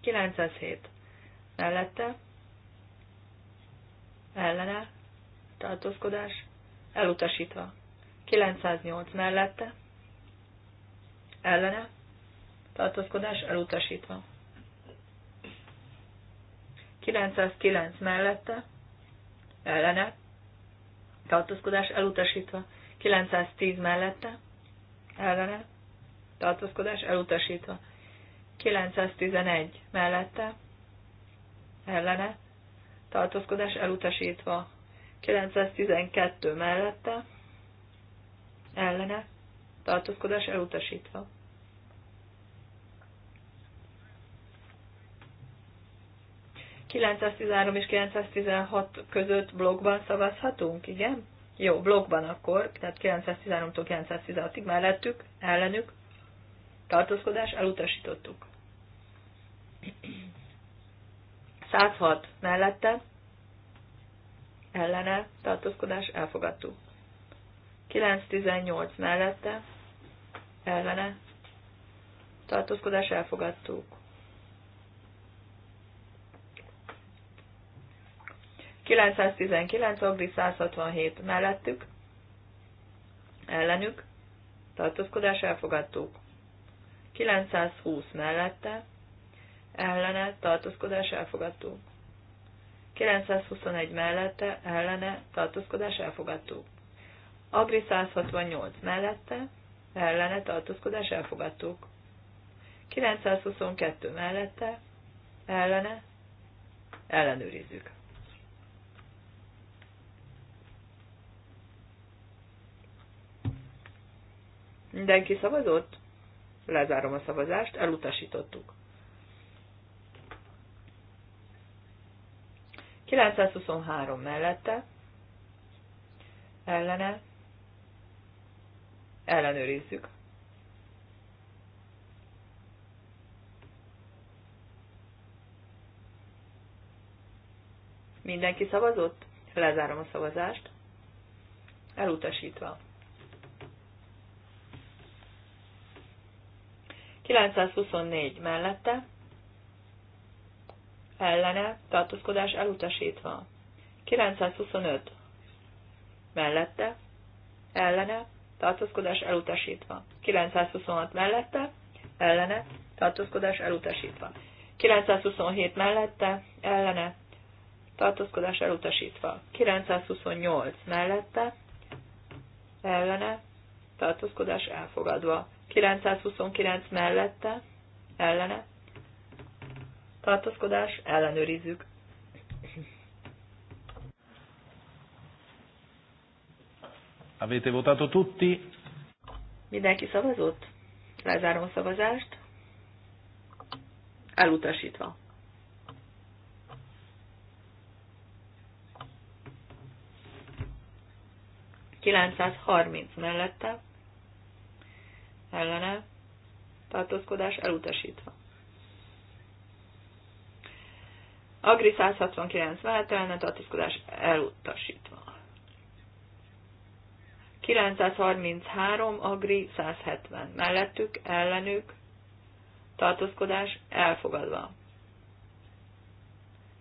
907 mellette, ellene, tartózkodás elutasítva. 908 mellette, ellene, tartózkodás elutasítva. 909 mellette, ellene, tartózkodás elutasítva. 910 mellette, ellene, tartózkodás elutasítva. 911 mellette, ellene, tartózkodás elutasítva. 912 mellette, ellene, tartózkodás elutasítva. ...913 és 916 között blogban szavazhatunk, igen? Jó, blogban akkor, tehát 913-tól 916-ig mellettük, ellenük, tartózkodás elutasítottuk. 106 mellette ellene tartózkodás elfogadtuk. 918 mellette ellene tartózkodás elfogadtuk. 919 Ogri 167 mellettük, ellenük, tartózkodás elfogadtuk. 920 mellette, ellene, tartózkodás elfogadtó. 921 mellette, ellene, tartózkodás elfogadtó. Agri 168 mellette, ellene, tartózkodás elfogadtó. 922 mellette, ellene, ellenőrizzük. Mindenki szavazott? Lezárom a szavazást, elutasítottuk. 923 mellette, ellene, ellenőrizzük. Mindenki szavazott? Lezárom a szavazást. Elutasítva. 924 mellette, ellene, tartózkodás elutasítva. 925 mellette, ellene, tartózkodás elutasítva. 926 mellette, ellene, tartózkodás elutasítva. 927 mellette, ellene, tartózkodás elutasítva. 928 mellette, ellene, tartózkodás elfogadva. 929 mellette, ellene, tartózkodás, ellenőrizzük. Avete votato tutti? Mindenki szavazott? Lezárom a szavazást. Elutasítva. Kilencszázharminc mellette ellene tartózkodás elutasítva. Agri 169 vált ellene tartózkodás elutasítva. 933 Agri 170 mellettük ellenük tartózkodás elfogadva.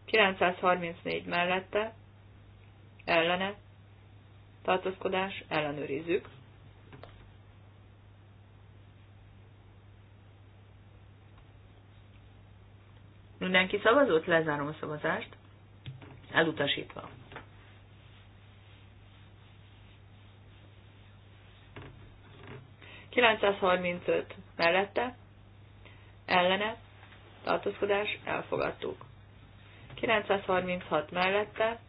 934 mellette ellene tartózkodás ellenőrizzük. Mindenki szavazott? Lezárom a szavazást. Elutasítva. ...935 mellette, ellene, tartózkodás, elfogadtuk. 936 mellette,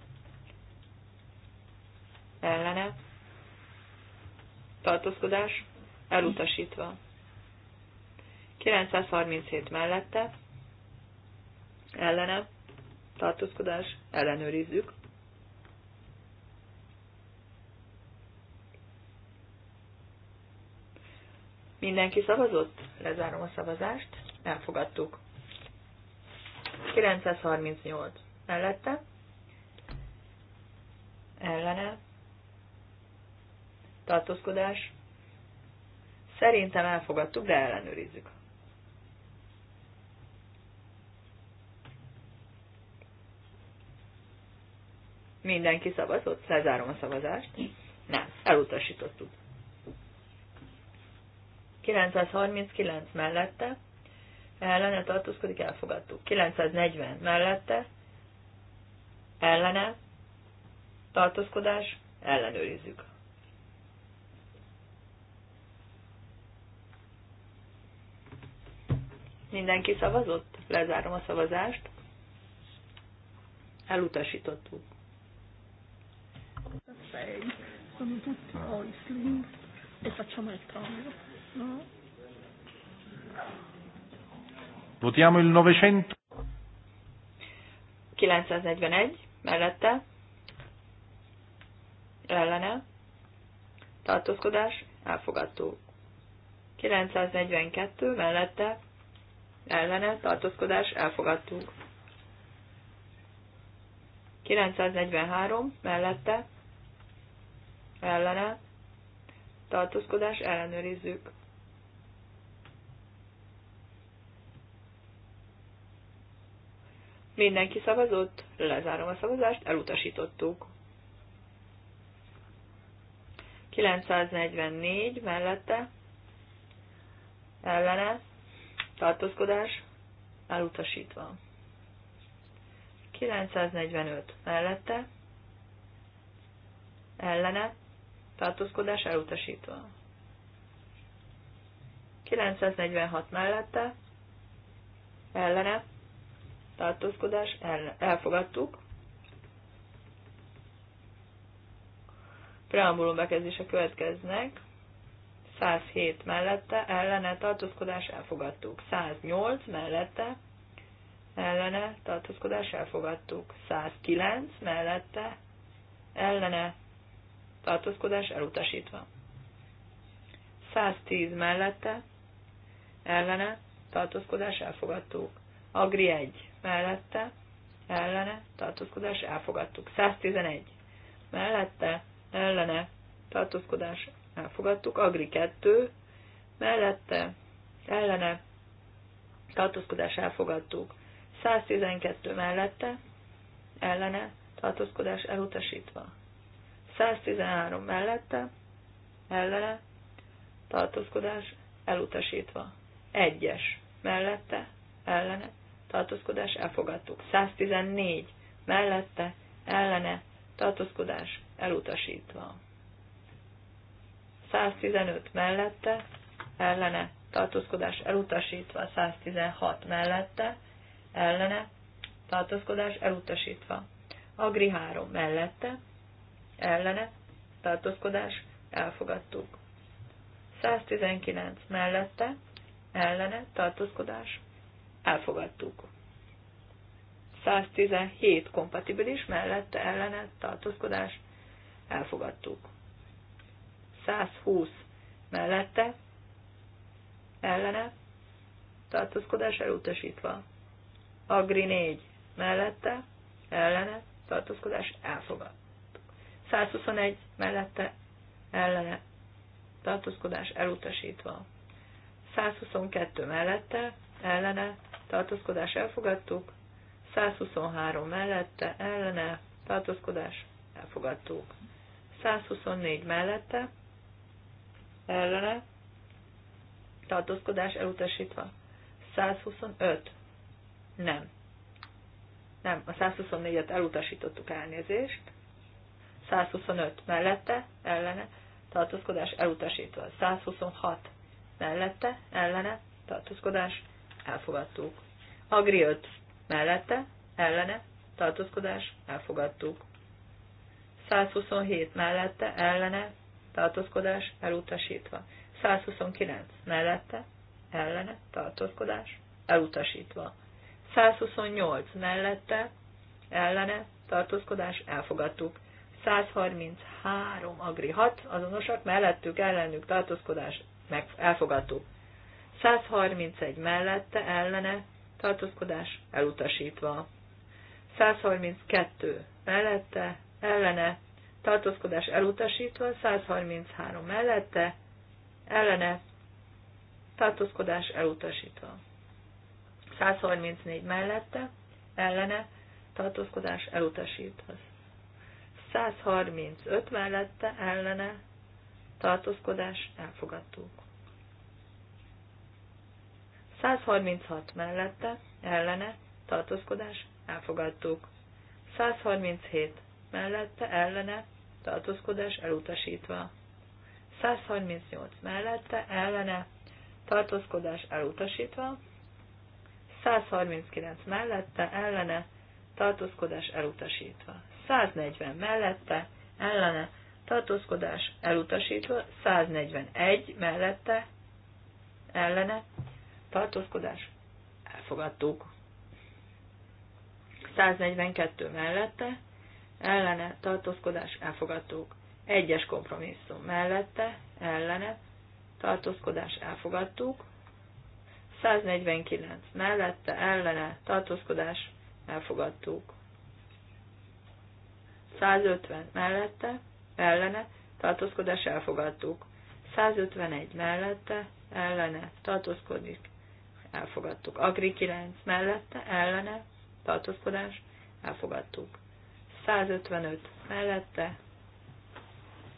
ellene, tartózkodás, elutasítva. 937 mellette, ellene tartózkodás ellenőrizzük. Mindenki szavazott? Lezárom a szavazást. Elfogadtuk. 938 mellette. Ellene. Tartózkodás. Szerintem elfogadtuk, de ellenőrizzük. Mindenki szavazott? Lezárom a szavazást. Nem, elutasítottuk. 939 mellette, ellene tartózkodik, elfogadtuk. 940 mellette, ellene, tartózkodás, ellenőrizzük. Mindenki szavazott? Lezárom a szavazást. Elutasítottuk sei, sono tutti ah. Oisling e facciamo il cambio, no? Votiamo il 900. 941 mellette, ellene, tartózkodás, elfogadó. 942 mellette, ellene, tartózkodás, elfogadtuk. 943 mellette, ellene, tartózkodás ellenőrizzük. Mindenki szavazott, lezárom a szavazást, elutasítottuk. 944 mellette, ellene, tartózkodás, elutasítva. 945 mellette, ellene, tartózkodás elutasítva. 946 mellette, ellene, tartózkodás, el, elfogadtuk. Preambulum bekezdése következnek. 107 mellette, ellene, tartózkodás, elfogadtuk. 108 mellette, ellene, tartózkodás, elfogadtuk. 109 mellette, ellene, tartózkodás elutasítva. 110 mellette, ellene, tartózkodás elfogadtuk. Agri 1 mellette, ellene, tartózkodás elfogadtuk. 111 mellette, ellene, tartózkodás elfogadtuk. Agri 2 mellette, ellene, tartózkodás elfogadtuk. 112 mellette, ellene, tartózkodás elutasítva. 113 mellette, ellene, tartózkodás elutasítva. 1-es mellette, ellene, tartózkodás elfogadtuk. 114 mellette, ellene, tartózkodás elutasítva. 115 mellette, ellene, tartózkodás elutasítva, 116 mellette, ellene, tartózkodás elutasítva. Agri 3 mellette, ellene, tartózkodás, elfogadtuk. 119 mellette, ellene, tartózkodás, elfogadtuk. 117 kompatibilis, mellette, ellene, tartózkodás, elfogadtuk. 120 mellette, ellene, tartózkodás elutasítva. Agri 4 mellette, ellene, tartózkodás elfogadt. 121 mellette ellene tartózkodás elutasítva. 122 mellette ellene tartózkodás elfogadtuk, 123 mellette ellene tartózkodás elfogadtuk. 124 mellette ellene tartózkodás elutasítva. 125 nem. Nem, a 124-et elutasítottuk elnézést. 125 mellette, ellene, tartózkodás elutasítva. 126 mellette, ellene, tartózkodás elfogadtuk. Agri 5 mellette, ellene, tartózkodás elfogadtuk. 127 mellette, ellene, tartózkodás elutasítva. 129 mellette, ellene, tartózkodás elutasítva. 128 mellette, ellene, tartózkodás elfogadtuk. 133 agri 6 azonosak, mellettük ellenük tartózkodás meg elfogadó. 131 mellette ellene tartózkodás elutasítva. 132 mellette ellene tartózkodás elutasítva, 133 mellette ellene tartózkodás elutasítva. 134 mellette ellene tartózkodás elutasítva. 135 mellette ellene tartózkodás elfogadtuk. 136 mellette ellene tartózkodás elfogadtuk. 137 mellette ellene tartózkodás elutasítva. 138 mellette ellene tartózkodás elutasítva. 139 mellette ellene tartózkodás elutasítva. 140 mellette, ellene, tartózkodás elutasítva, 141 mellette, ellene, tartózkodás elfogadtuk. 142 mellette, ellene, tartózkodás elfogadtuk. Egyes kompromisszum mellette, ellene, tartózkodás elfogadtuk. 149 mellette, ellene, tartózkodás elfogadtuk. 150 mellette, ellene, tartózkodás elfogadtuk. 151 mellette, ellene, tartózkodni elfogadtuk. Agri 9 mellette, ellene, tartózkodás, elfogadtuk. 155 mellette,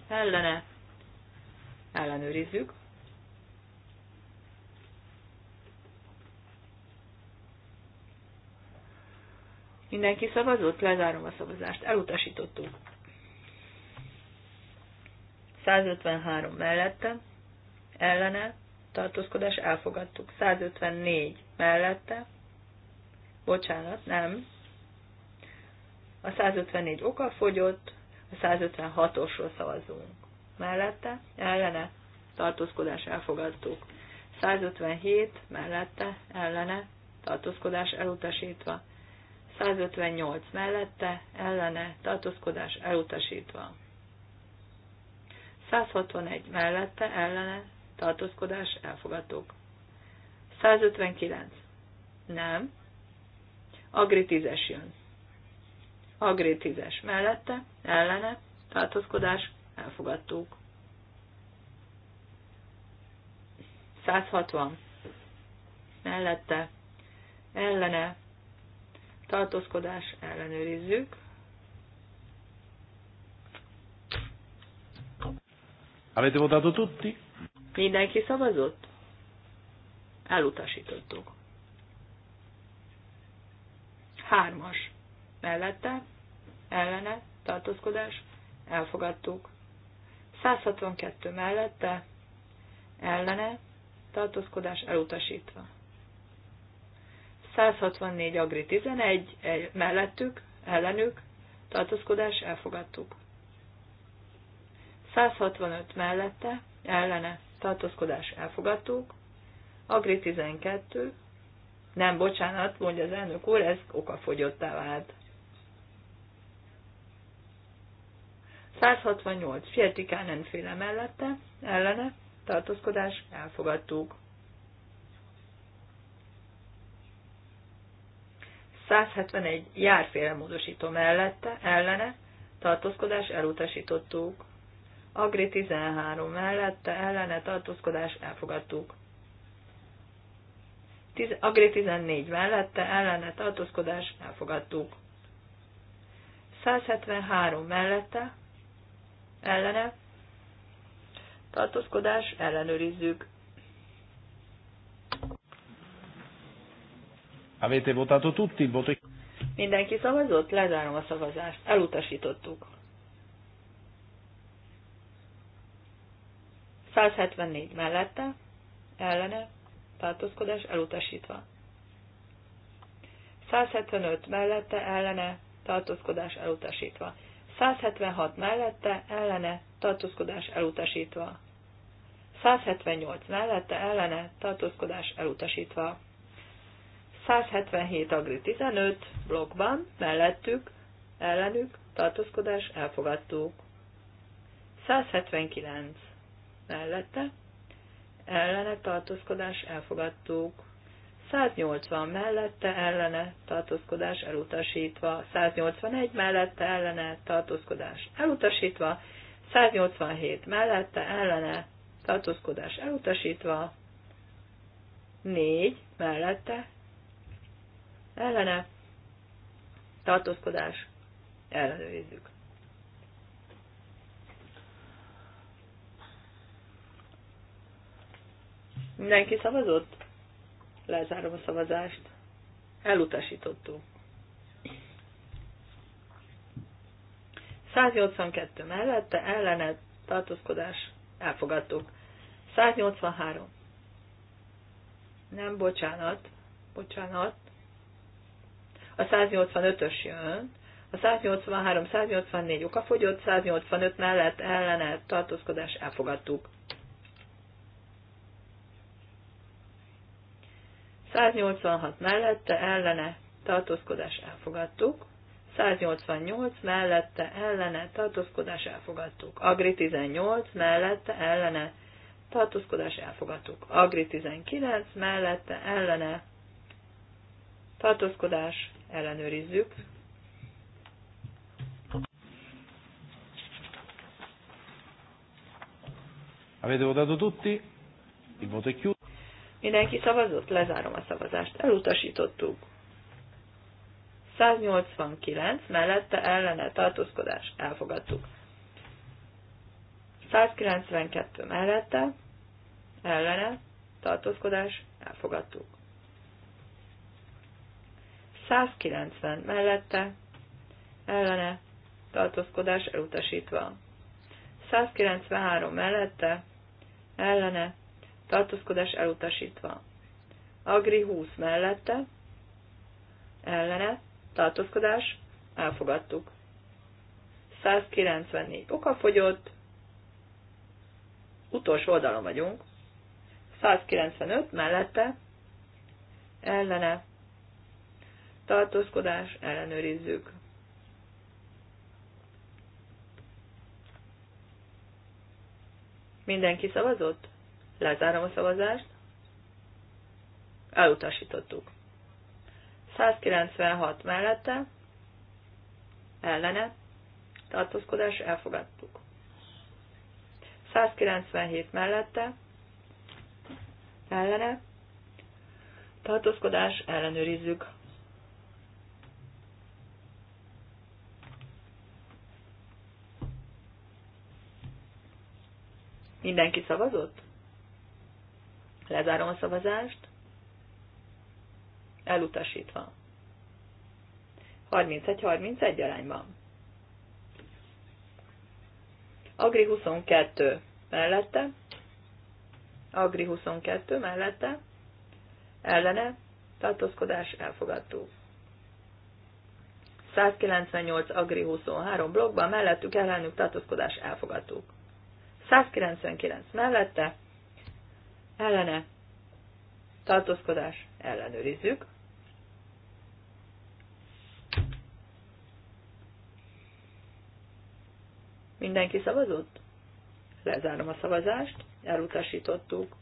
ellene, ellenőrizzük. Mindenki szavazott? Lezárom a szavazást. Elutasítottuk. 153 mellette, ellene, tartózkodás elfogadtuk. 154 mellette, bocsánat, nem. A 154 oka fogyott, a 156-osról szavazunk. Mellette, ellene, tartózkodás elfogadtuk. 157 mellette, ellene, tartózkodás elutasítva. 158 mellette, ellene, tartózkodás elutasítva. 161 mellette, ellene, tartózkodás elfogadtuk. 159. Nem. Agri 10 jön. Agri 10 mellette, ellene, tartózkodás elfogadtuk. 160. Mellette, ellene, tartózkodás ellenőrizzük. Avete votato tutti? Mindenki szavazott? Elutasítottuk. Hármas. Mellette, ellene, tartózkodás, elfogadtuk. 162 mellette, ellene, tartózkodás elutasítva. 164 Agri 11, mellettük, ellenük, tartózkodás elfogadtuk. 165 mellette, ellene, tartózkodás elfogadtuk. Agri 12, nem, bocsánat, mondja az elnök úr, ez okafogyottá vált. 168 féle mellette, ellene, tartózkodás elfogadtuk. 171 járféle módosító mellette, ellene, tartózkodás elutasítottuk. Agri 13 mellette, ellene, tartózkodás elfogadtuk. Agri 14 mellette, ellene, tartózkodás elfogadtuk. 173 mellette, ellene, tartózkodás ellenőrizzük. Avete votato tutti il voto? Mindenki szavazott? Lezárom a szavazást. Elutasítottuk. 174 mellette, ellene, tartózkodás elutasítva. 175 mellette, ellene, tartózkodás elutasítva. 176 mellette, ellene, tartózkodás elutasítva. 178 mellette, ellene, tartózkodás elutasítva. 177 agri 15 blokkban, mellettük, ellenük, tartózkodás, elfogadtuk. 179 mellette, ellene, tartózkodás, elfogadtuk. 180 mellette, ellene, tartózkodás, elutasítva. 181 mellette, ellene, tartózkodás, elutasítva. 187 mellette, ellene, tartózkodás, elutasítva. 4 mellette, ellene, tartózkodás, ellenőrizzük. Mindenki szavazott? Lezárom a szavazást. Elutasítottuk. 182 mellette ellene tartózkodás elfogadtuk. 183. Nem, bocsánat. Bocsánat a 185-ös jön, a 183, 184 oka fogyott, 185 mellett ellene tartózkodás elfogadtuk. 186 mellette ellene tartózkodás elfogadtuk. 188 mellette ellene tartózkodás elfogadtuk. Agri 18 mellette ellene tartózkodás elfogadtuk. Agri 19 mellette ellene tartózkodás ellenőrizzük. Avete votato tutti? Il voto è chiuso. Mindenki szavazott? Lezárom a szavazást. Elutasítottuk. 189 mellette ellene tartózkodás. Elfogadtuk. 192 mellette ellene tartózkodás. Elfogadtuk. 190 mellette, ellene, tartózkodás elutasítva. 193 mellette, ellene, tartózkodás elutasítva. Agri 20 mellette, ellene, tartózkodás, elfogadtuk. 194 okafogyott, utolsó oldalon vagyunk, 195 mellette, ellene, tartózkodás, ellenőrizzük. Mindenki szavazott? Lezárom a szavazást. Elutasítottuk. 196 mellette, ellene, tartózkodás, elfogadtuk. 197 mellette, ellene, tartózkodás, ellenőrizzük. Mindenki szavazott? Lezárom a szavazást. Elutasítva. 31-31 arányban. Agri 22 mellette. Agri 22 mellette. Ellene. Tartózkodás elfogadó. 198 Agri 23 blogban mellettük ellenük tartózkodás elfogadtuk. 199 mellette, ellene, tartózkodás, ellenőrizzük. Mindenki szavazott? Lezárom a szavazást, elutasítottuk.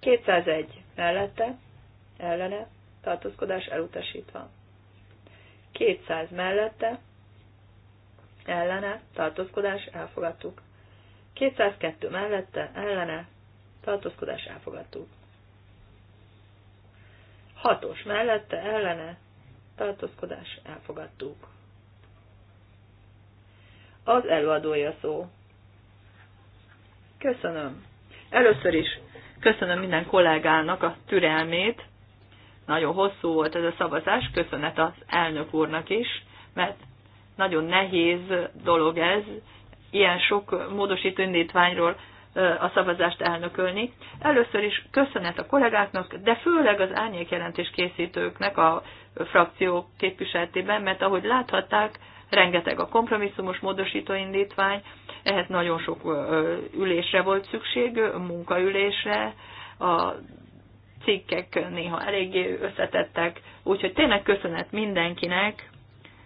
201 mellette, ellene, tartózkodás elutasítva. 200 mellette, ellene, tartózkodás, elfogadtuk. 202 mellette, ellene, tartózkodás, elfogadtuk. 6-os mellette, ellene, tartózkodás, elfogadtuk. Az előadója szó. Köszönöm. Először is köszönöm minden kollégának a türelmét. Nagyon hosszú volt ez a szavazás, köszönet az elnök úrnak is, mert nagyon nehéz dolog ez, ilyen sok módosító indítványról a szavazást elnökölni. Először is köszönet a kollégáknak, de főleg az árnyékjelentés készítőknek a frakciók képviseletében, mert ahogy láthatták, rengeteg a kompromisszumos módosító indítvány, ehhez nagyon sok ülésre volt szükség, munkaülésre, a cikkek néha eléggé összetettek, úgyhogy tényleg köszönet mindenkinek,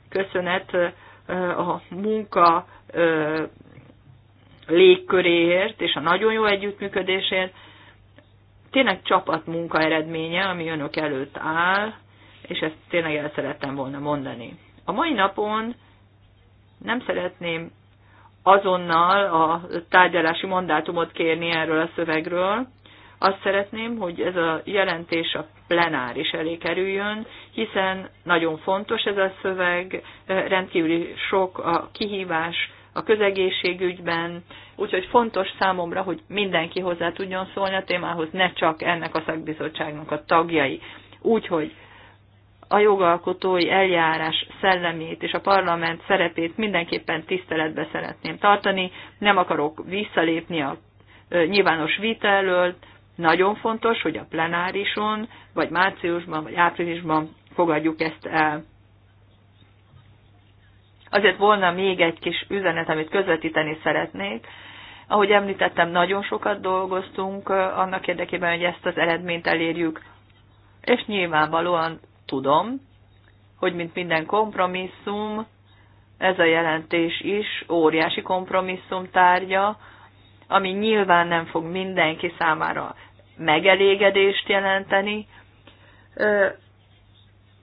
köszönet a munka légköréért és a nagyon jó együttműködésért. Tényleg csapatmunka eredménye, ami önök előtt áll, és ezt tényleg el szerettem volna mondani. A mai napon nem szeretném azonnal a tárgyalási mandátumot kérni erről a szövegről. Azt szeretném, hogy ez a jelentés a plenáris elé kerüljön, hiszen nagyon fontos ez a szöveg, rendkívül sok a kihívás a közegészségügyben, úgyhogy fontos számomra, hogy mindenki hozzá tudjon szólni a témához, ne csak ennek a szakbizottságnak a tagjai. Úgyhogy a jogalkotói eljárás szellemét és a parlament szerepét mindenképpen tiszteletbe szeretném tartani. Nem akarok visszalépni a nyilvános vita előtt, nagyon fontos, hogy a plenárison, vagy márciusban, vagy áprilisban fogadjuk ezt el. Azért volna még egy kis üzenet, amit közvetíteni szeretnék. Ahogy említettem, nagyon sokat dolgoztunk annak érdekében, hogy ezt az eredményt elérjük, és nyilvánvalóan tudom, hogy mint minden kompromisszum, ez a jelentés is óriási kompromisszum tárgya, ami nyilván nem fog mindenki számára megelégedést jelenteni.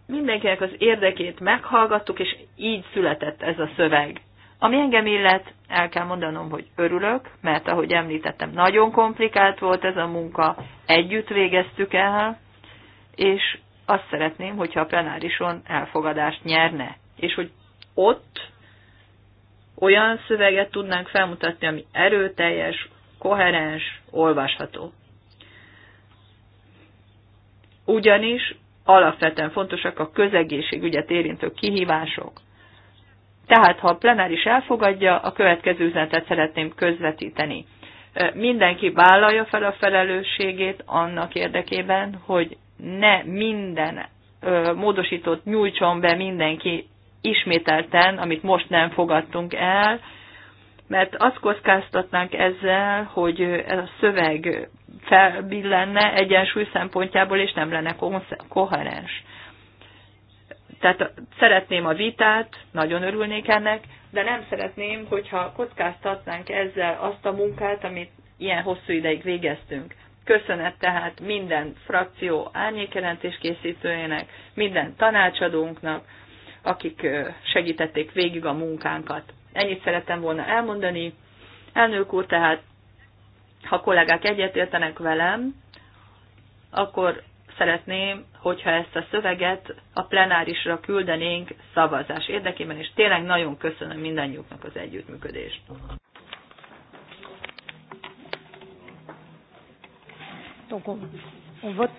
Mindenkinek az érdekét meghallgattuk, és így született ez a szöveg. Ami engem illet, el kell mondanom, hogy örülök, mert ahogy említettem, nagyon komplikált volt ez a munka, együtt végeztük el, és azt szeretném, hogyha a plenárison elfogadást nyerne, és hogy ott olyan szöveget tudnánk felmutatni, ami erőteljes, koherens, olvasható. Ugyanis alapvetően fontosak a közegészségügyet érintő kihívások. Tehát, ha a plenáris elfogadja, a következő üzenetet szeretném közvetíteni. Mindenki vállalja fel a felelősségét annak érdekében, hogy ne minden módosítót nyújtson be mindenki ismételten, amit most nem fogadtunk el, mert azt kockáztatnánk ezzel, hogy ez a szöveg felbillenne egyensúly szempontjából, és nem lenne koherens. Tehát szeretném a vitát, nagyon örülnék ennek, de nem szeretném, hogyha kockáztatnánk ezzel azt a munkát, amit ilyen hosszú ideig végeztünk. Köszönet tehát minden frakció árnyékjelentés készítőjének, minden tanácsadónknak, akik segítették végig a munkánkat. Ennyit szerettem volna elmondani. Elnök úr, tehát ha kollégák egyetértenek velem, akkor szeretném, hogyha ezt a szöveget a plenárisra küldenénk szavazás érdekében, és tényleg nagyon köszönöm mindannyiuknak az együttműködést. Donc on, on vote.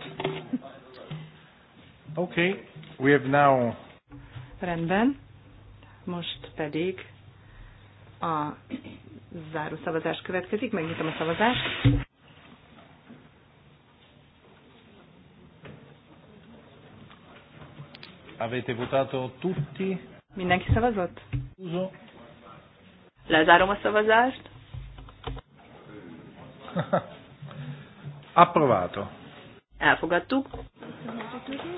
Okay, we have now Rendben. Most pedig a záró szavazás következik. Megnyitom a szavazást. Avete votato tutti? Mindenki szavazott? Uso. Lezárom a szavazást. Approvato. Elfogadtuk.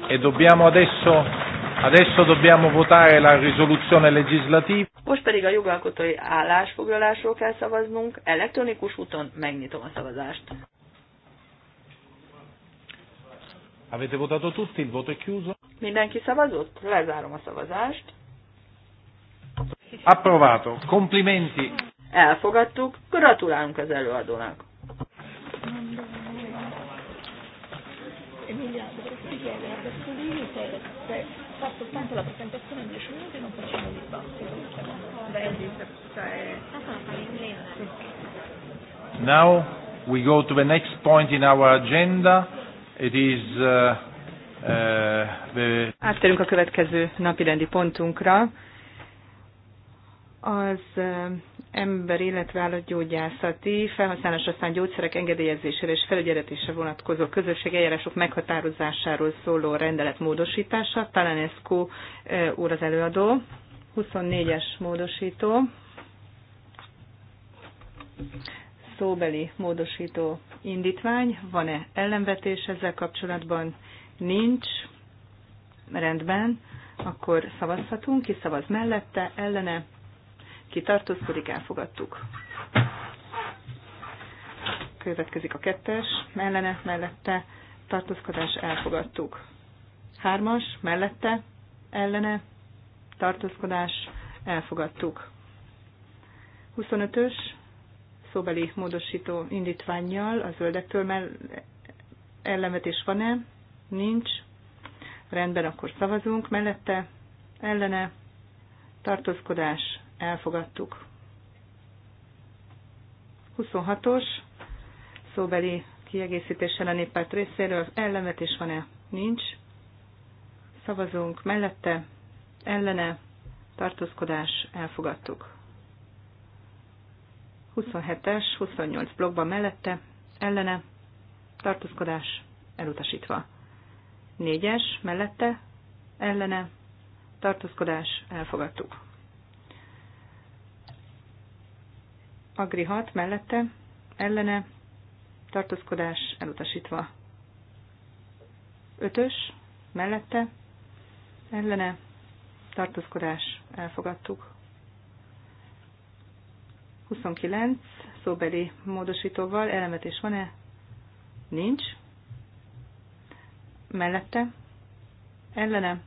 E dobbiamo adesso Adesso dobbiamo votare la risoluzione legislativa. Most pedig a jogalkotói állásfoglalásról kell szavaznunk. Elektronikus úton megnyitom a szavazást. Avete votato tutti, il voto è chiuso. Mindenki szavazott? Lezárom a szavazást. Approvato. Complimenti. Elfogadtuk. Gratulálunk az előadónak. Emiliano, fa soltanto la presentazione in 10 minuti e non facciamo il dibattito. Now we go to the next point in our agenda. It is uh, uh, the... Áttérünk a következő napi rendi pontunkra, az ember, illetve állatgyógyászati felhasználás aztán gyógyszerek engedélyezésére és felügyeletésre vonatkozó közösség eljárások meghatározásáról szóló rendelet módosítása. Talán Eszkó úr az előadó. 24-es módosító. Szóbeli módosító indítvány. Van-e ellenvetés ezzel kapcsolatban? Nincs. Rendben. Akkor szavazhatunk. Ki szavaz mellette, ellene? kitartózkodik, elfogadtuk. Következik a kettes, mellene, mellette, tartózkodás, elfogadtuk. Hármas, mellette, ellene, tartózkodás, elfogadtuk. 25-ös, szóbeli módosító indítványjal a zöldektől mell- ellenvetés van-e? Nincs. Rendben, akkor szavazunk. Mellette, ellene, tartózkodás, elfogadtuk. 26-os szóbeli kiegészítéssel a néppárt részéről ellenvetés van-e? Nincs. Szavazunk mellette, ellene, tartózkodás, elfogadtuk. 27-es, 28 blokkban mellette, ellene, tartózkodás, elutasítva. 4-es, mellette, ellene, tartózkodás, elfogadtuk. Agri 6 mellette, ellene, tartózkodás elutasítva. 5-ös mellette, ellene, tartózkodás elfogadtuk. 29 szóbeli módosítóval elemetés van-e? Nincs. Mellette, ellene,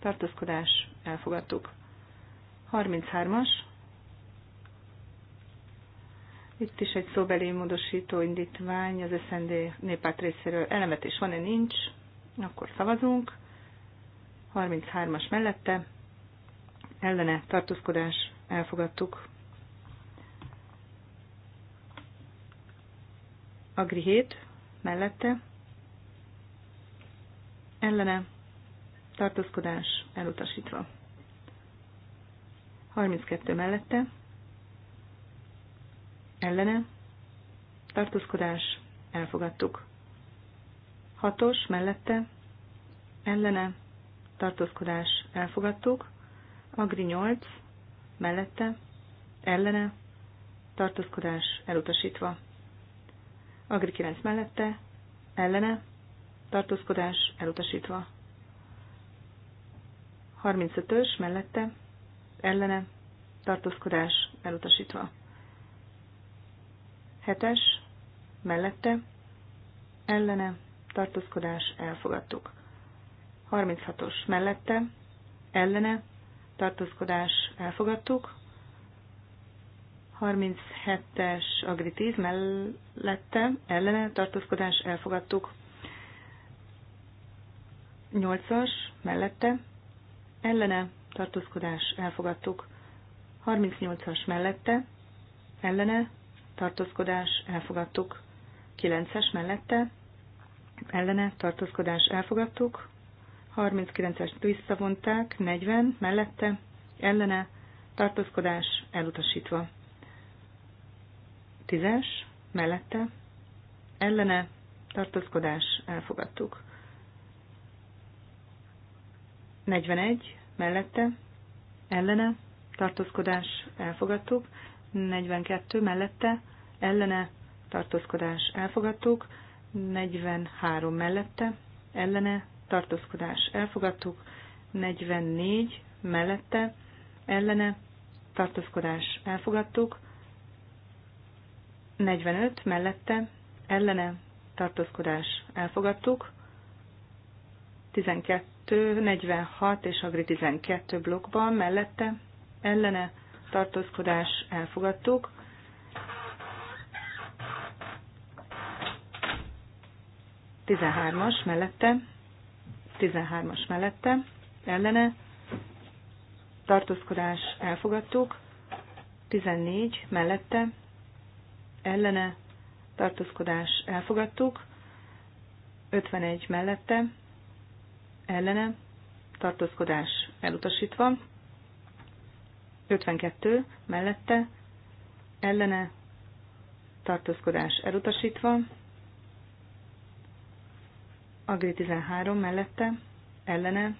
tartózkodás elfogadtuk. 33-as itt is egy szóbeli módosító indítvány az SND népát részéről. Elemet is van-e nincs? Akkor szavazunk. 33-as mellette. Ellene tartózkodás. Elfogadtuk. Agri 7 mellette. Ellene tartózkodás elutasítva. 32 mellette ellene, tartózkodás, elfogadtuk. Hatos mellette, ellene, tartózkodás, elfogadtuk. Agri 8, mellette, ellene, tartózkodás, elutasítva. Agri 9 mellette, ellene, tartózkodás, elutasítva. 35-ös mellette, ellene, tartózkodás, elutasítva. Hetes, mellette, ellene, tartózkodás, elfogadtuk. 36-os, mellette, ellene, tartózkodás, elfogadtuk. 37-es, agri 10, mellette, ellene, tartózkodás, elfogadtuk. 8-as, mellette, ellene, tartózkodás, elfogadtuk. 38-as mellette, ellene, tartózkodás elfogadtuk. 9-es mellette ellene tartózkodás elfogadtuk. 39-est visszavonták, 40 mellette ellene tartózkodás elutasítva. 10-es mellette ellene tartózkodás elfogadtuk. 41 mellette ellene tartózkodás elfogadtuk. 42 mellette ellene tartózkodás elfogadtuk, 43 mellette ellene tartózkodás elfogadtuk, 44 mellette ellene tartózkodás elfogadtuk, 45 mellette ellene tartózkodás elfogadtuk, 12, 46 és Agri 12 blokkban mellette ellene tartózkodás elfogadtuk, 13-as mellette, 13-as mellette, ellene, tartózkodás elfogadtuk, 14 mellette, ellene, tartózkodás elfogadtuk, 51 mellette, ellene, tartózkodás elutasítva, 52 mellette, ellene, tartózkodás elutasítva, Agri 13 mellette, ellene,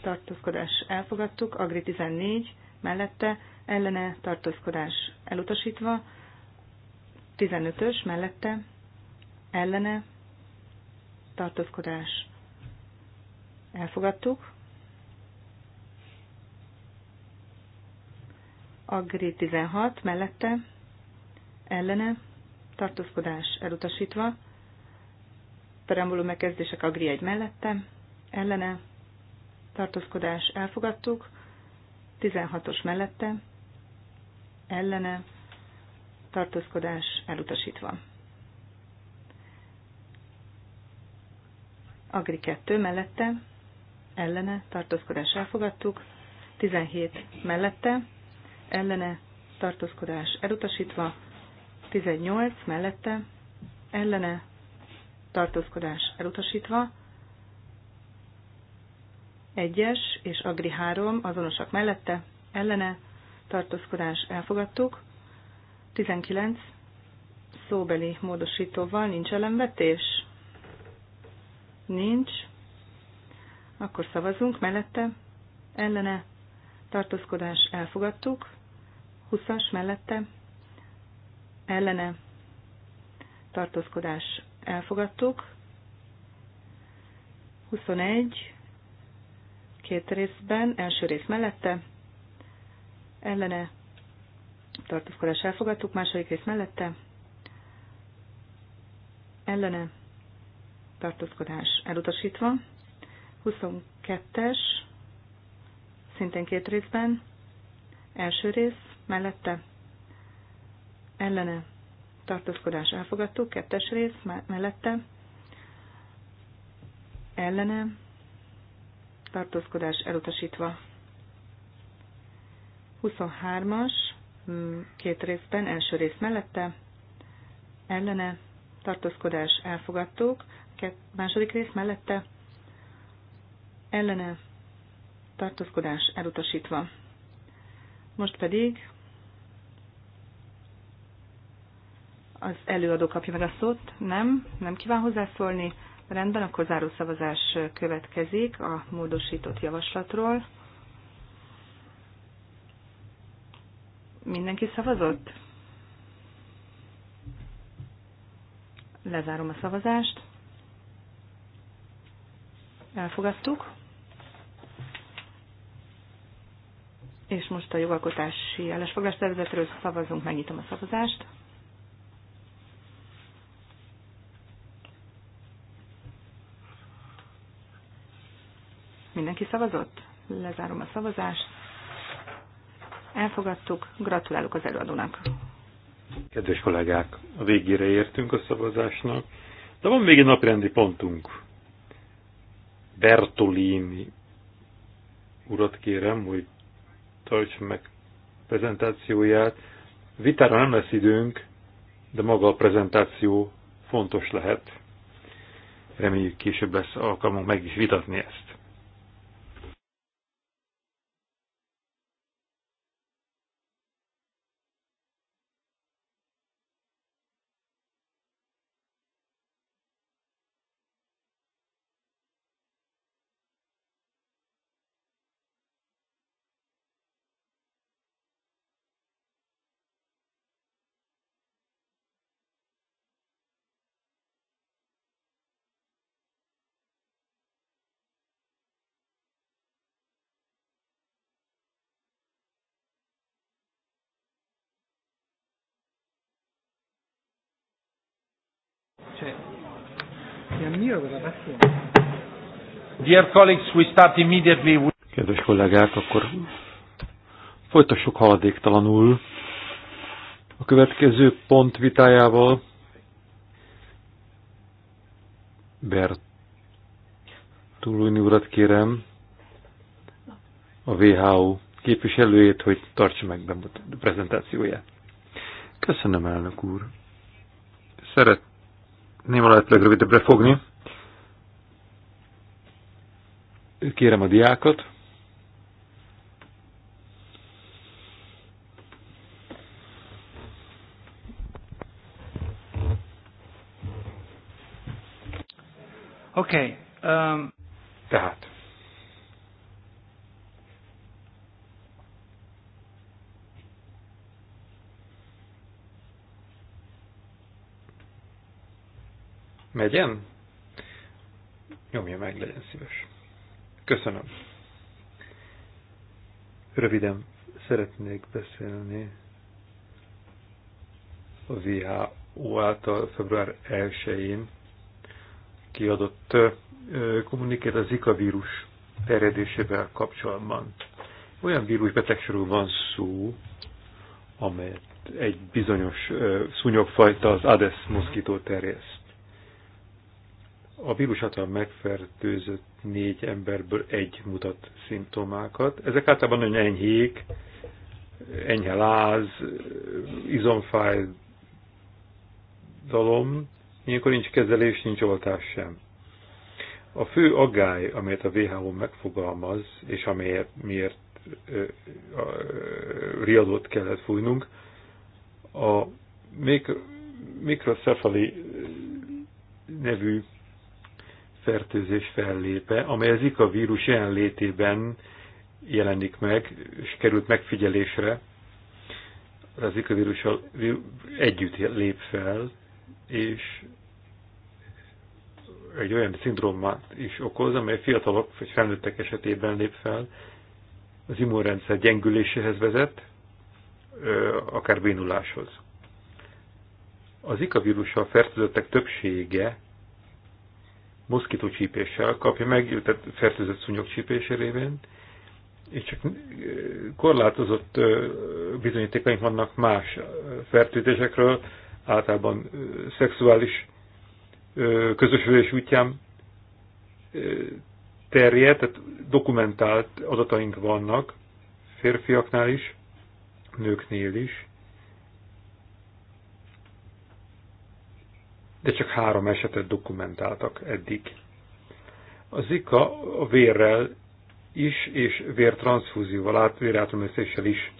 tartózkodás elfogadtuk, Agri 14 mellette, ellene, tartózkodás elutasítva, 15-ös mellette, ellene, tartózkodás elfogadtuk, Agri 16 mellette, ellene, tartózkodás elutasítva, preambulum megkezdések Agri egy mellette, ellene, tartózkodás elfogadtuk, 16-os mellette, ellene, tartózkodás elutasítva. Agri 2 mellette, ellene, tartózkodás elfogadtuk, 17 mellette, ellene, tartózkodás elutasítva, 18 mellette, ellene, tartózkodás elutasítva, egyes és Agri három azonosak mellette, ellene, tartózkodás elfogadtuk, 19 szóbeli módosítóval nincs ellenvetés? Nincs. Akkor szavazunk mellette, ellene, tartózkodás elfogadtuk, 20-as mellette, ellene, tartózkodás elfogadtuk. 21, két részben, első rész mellette, ellene tartózkodás elfogadtuk, második rész mellette, ellene tartózkodás elutasítva, 22-es, szintén két részben, első rész mellette, ellene tartózkodás elfogadtó, kettes rész mellette, ellene, tartózkodás elutasítva. 23-as, mm, két részben, első rész mellette, ellene, tartózkodás két második rész mellette, ellene, tartózkodás elutasítva. Most pedig Az előadó kapja meg a szót. Nem? Nem kíván hozzászólni? Rendben, akkor zárószavazás következik a módosított javaslatról. Mindenki szavazott? Lezárom a szavazást. Elfogadtuk. És most a jogalkotási tervezetről szavazunk, megnyitom a szavazást. Mindenki szavazott? Lezárom a szavazást. Elfogadtuk. Gratulálok az előadónak. Kedves kollégák, a végére értünk a szavazásnak, de van még egy naprendi pontunk. Bertolini urat kérem, hogy tartsa meg prezentációját. Vitára nem lesz időnk, de maga a prezentáció fontos lehet. Reméljük később lesz alkalmunk meg is vitatni ezt. Dear colleagues, we start immediately with... Kedves kollégák, akkor folytassuk haladéktalanul a következő pont vitájával. Bertulini urat kérem, a WHO képviselőjét, hogy tartsa meg a prezentációját. Köszönöm, elnök úr. Szeretném a lehetőleg legrövidebbre fogni. Kérem a diákat. Oké. Okay, um... Tehát. Megyen? Nyomja meg, legyen szíves. Köszönöm. Röviden szeretnék beszélni a WHO által február 1-én kiadott kommunikét a Zika vírus terjedésével kapcsolatban. Olyan vírusbetegségről van szó, amelyet egy bizonyos szúnyogfajta, az Aedes moszkító terjeszt. A vírus által megfertőzött négy emberből egy mutat szimptomákat. Ezek általában nagyon enyhék, enyhe láz, izomfájdalom, ilyenkor nincs kezelés, nincs oltás sem. A fő aggály, amelyet a WHO megfogalmaz, és amelyet miért ö, ö, riadót kellett fújnunk, a mikroszefali nevű fertőzés fellépe, amely a Zika vírus jelenlétében jelenik meg, és került megfigyelésre, a Zika vírussal együtt lép fel, és egy olyan szindrómát is okoz, amely fiatalok vagy felnőttek esetében lép fel, az immunrendszer gyengüléséhez vezet, akár bénuláshoz. Az Zika vírussal fertőzöttek többsége moszkító csípéssel kapja meg, tehát fertőzött szúnyog csípése révén, és csak korlátozott bizonyítékaink vannak más fertőzésekről, általában szexuális közösülés útján terjed, tehát dokumentált adataink vannak férfiaknál is, nőknél is, de csak három esetet dokumentáltak eddig. A zika a vérrel is, és vértranszfúzióval, át, vérátomösszéssel is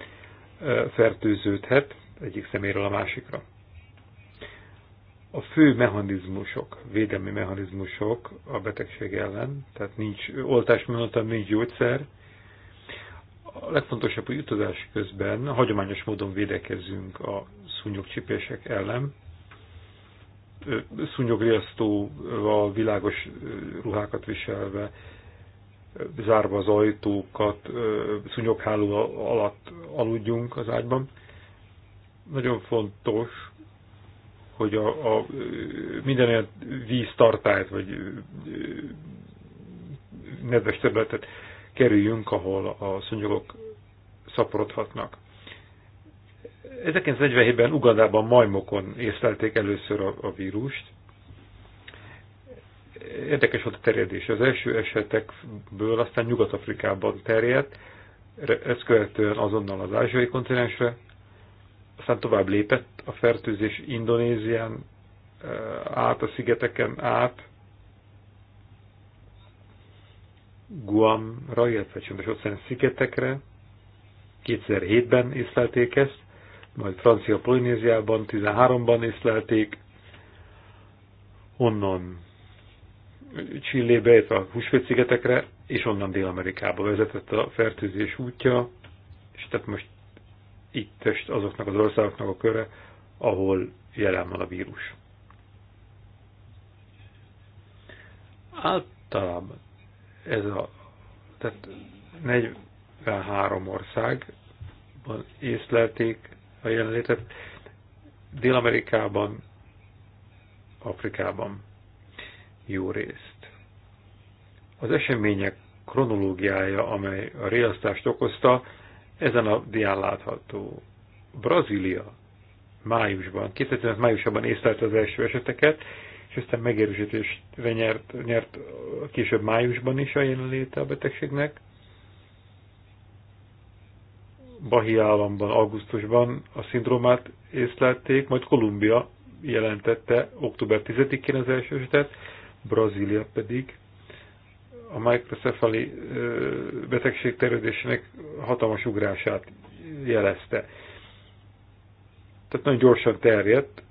fertőződhet egyik szeméről a másikra. A fő mechanizmusok, védelmi mechanizmusok a betegség ellen, tehát nincs oltás mondottam, nincs gyógyszer. A legfontosabb, hogy utazás közben hagyományos módon védekezzünk a szúnyogcsipések ellen, szúnyogriasztóval világos ruhákat viselve, zárva az ajtókat, szúnyogháló alatt aludjunk az ágyban. Nagyon fontos, hogy a, a minden olyan víztartályt, vagy nedves területet kerüljünk, ahol a szúnyogok szaporodhatnak. 1947-ben Ugandában majmokon észlelték először a, a vírust. Érdekes volt a terjedés. Az első esetekből aztán Nyugat-Afrikában terjedt, ezt követően azonnal az ázsiai kontinensre, aztán tovább lépett a fertőzés Indonézián e, át, a szigeteken át, Guamra, illetve csendes szigetekre. 2007-ben észlelték ezt, majd Francia Polinéziában 13-ban észlelték, onnan Csillébe, a Húsvéd-szigetekre, és onnan Dél-Amerikába vezetett a fertőzés útja, és tehát most itt test azoknak az országoknak a köre, ahol jelen van a vírus. Általában ez a tehát 43 országban észlelték a jelenlétet Dél-Amerikában, Afrikában jó részt. Az események kronológiája, amely a riasztást okozta, ezen a dián látható. Brazília májusban, 2015 májusában észlelte az első eseteket, és aztán megerősítésre nyert, nyert később májusban is a jelenléte a betegségnek. Bahia államban augusztusban a szindrómát észlelték, majd Kolumbia jelentette október 10-én az első esetet, Brazília pedig a microcephali betegség terjedésének hatalmas ugrását jelezte. Tehát nagyon gyorsan terjedt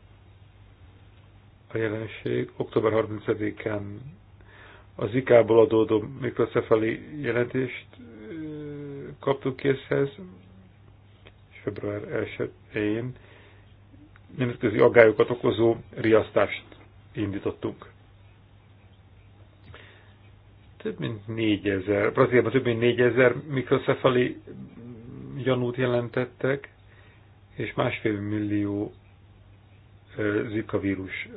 a jelenség. Október 30-án az IK-ból adódó mikrocefali jelentést kaptuk készhez, február 1-én nemzetközi aggályokat okozó riasztást indítottunk. Több mint 4000, Brazíliában több mint 4000 mikroszefali gyanút jelentettek, és másfél millió zika vírus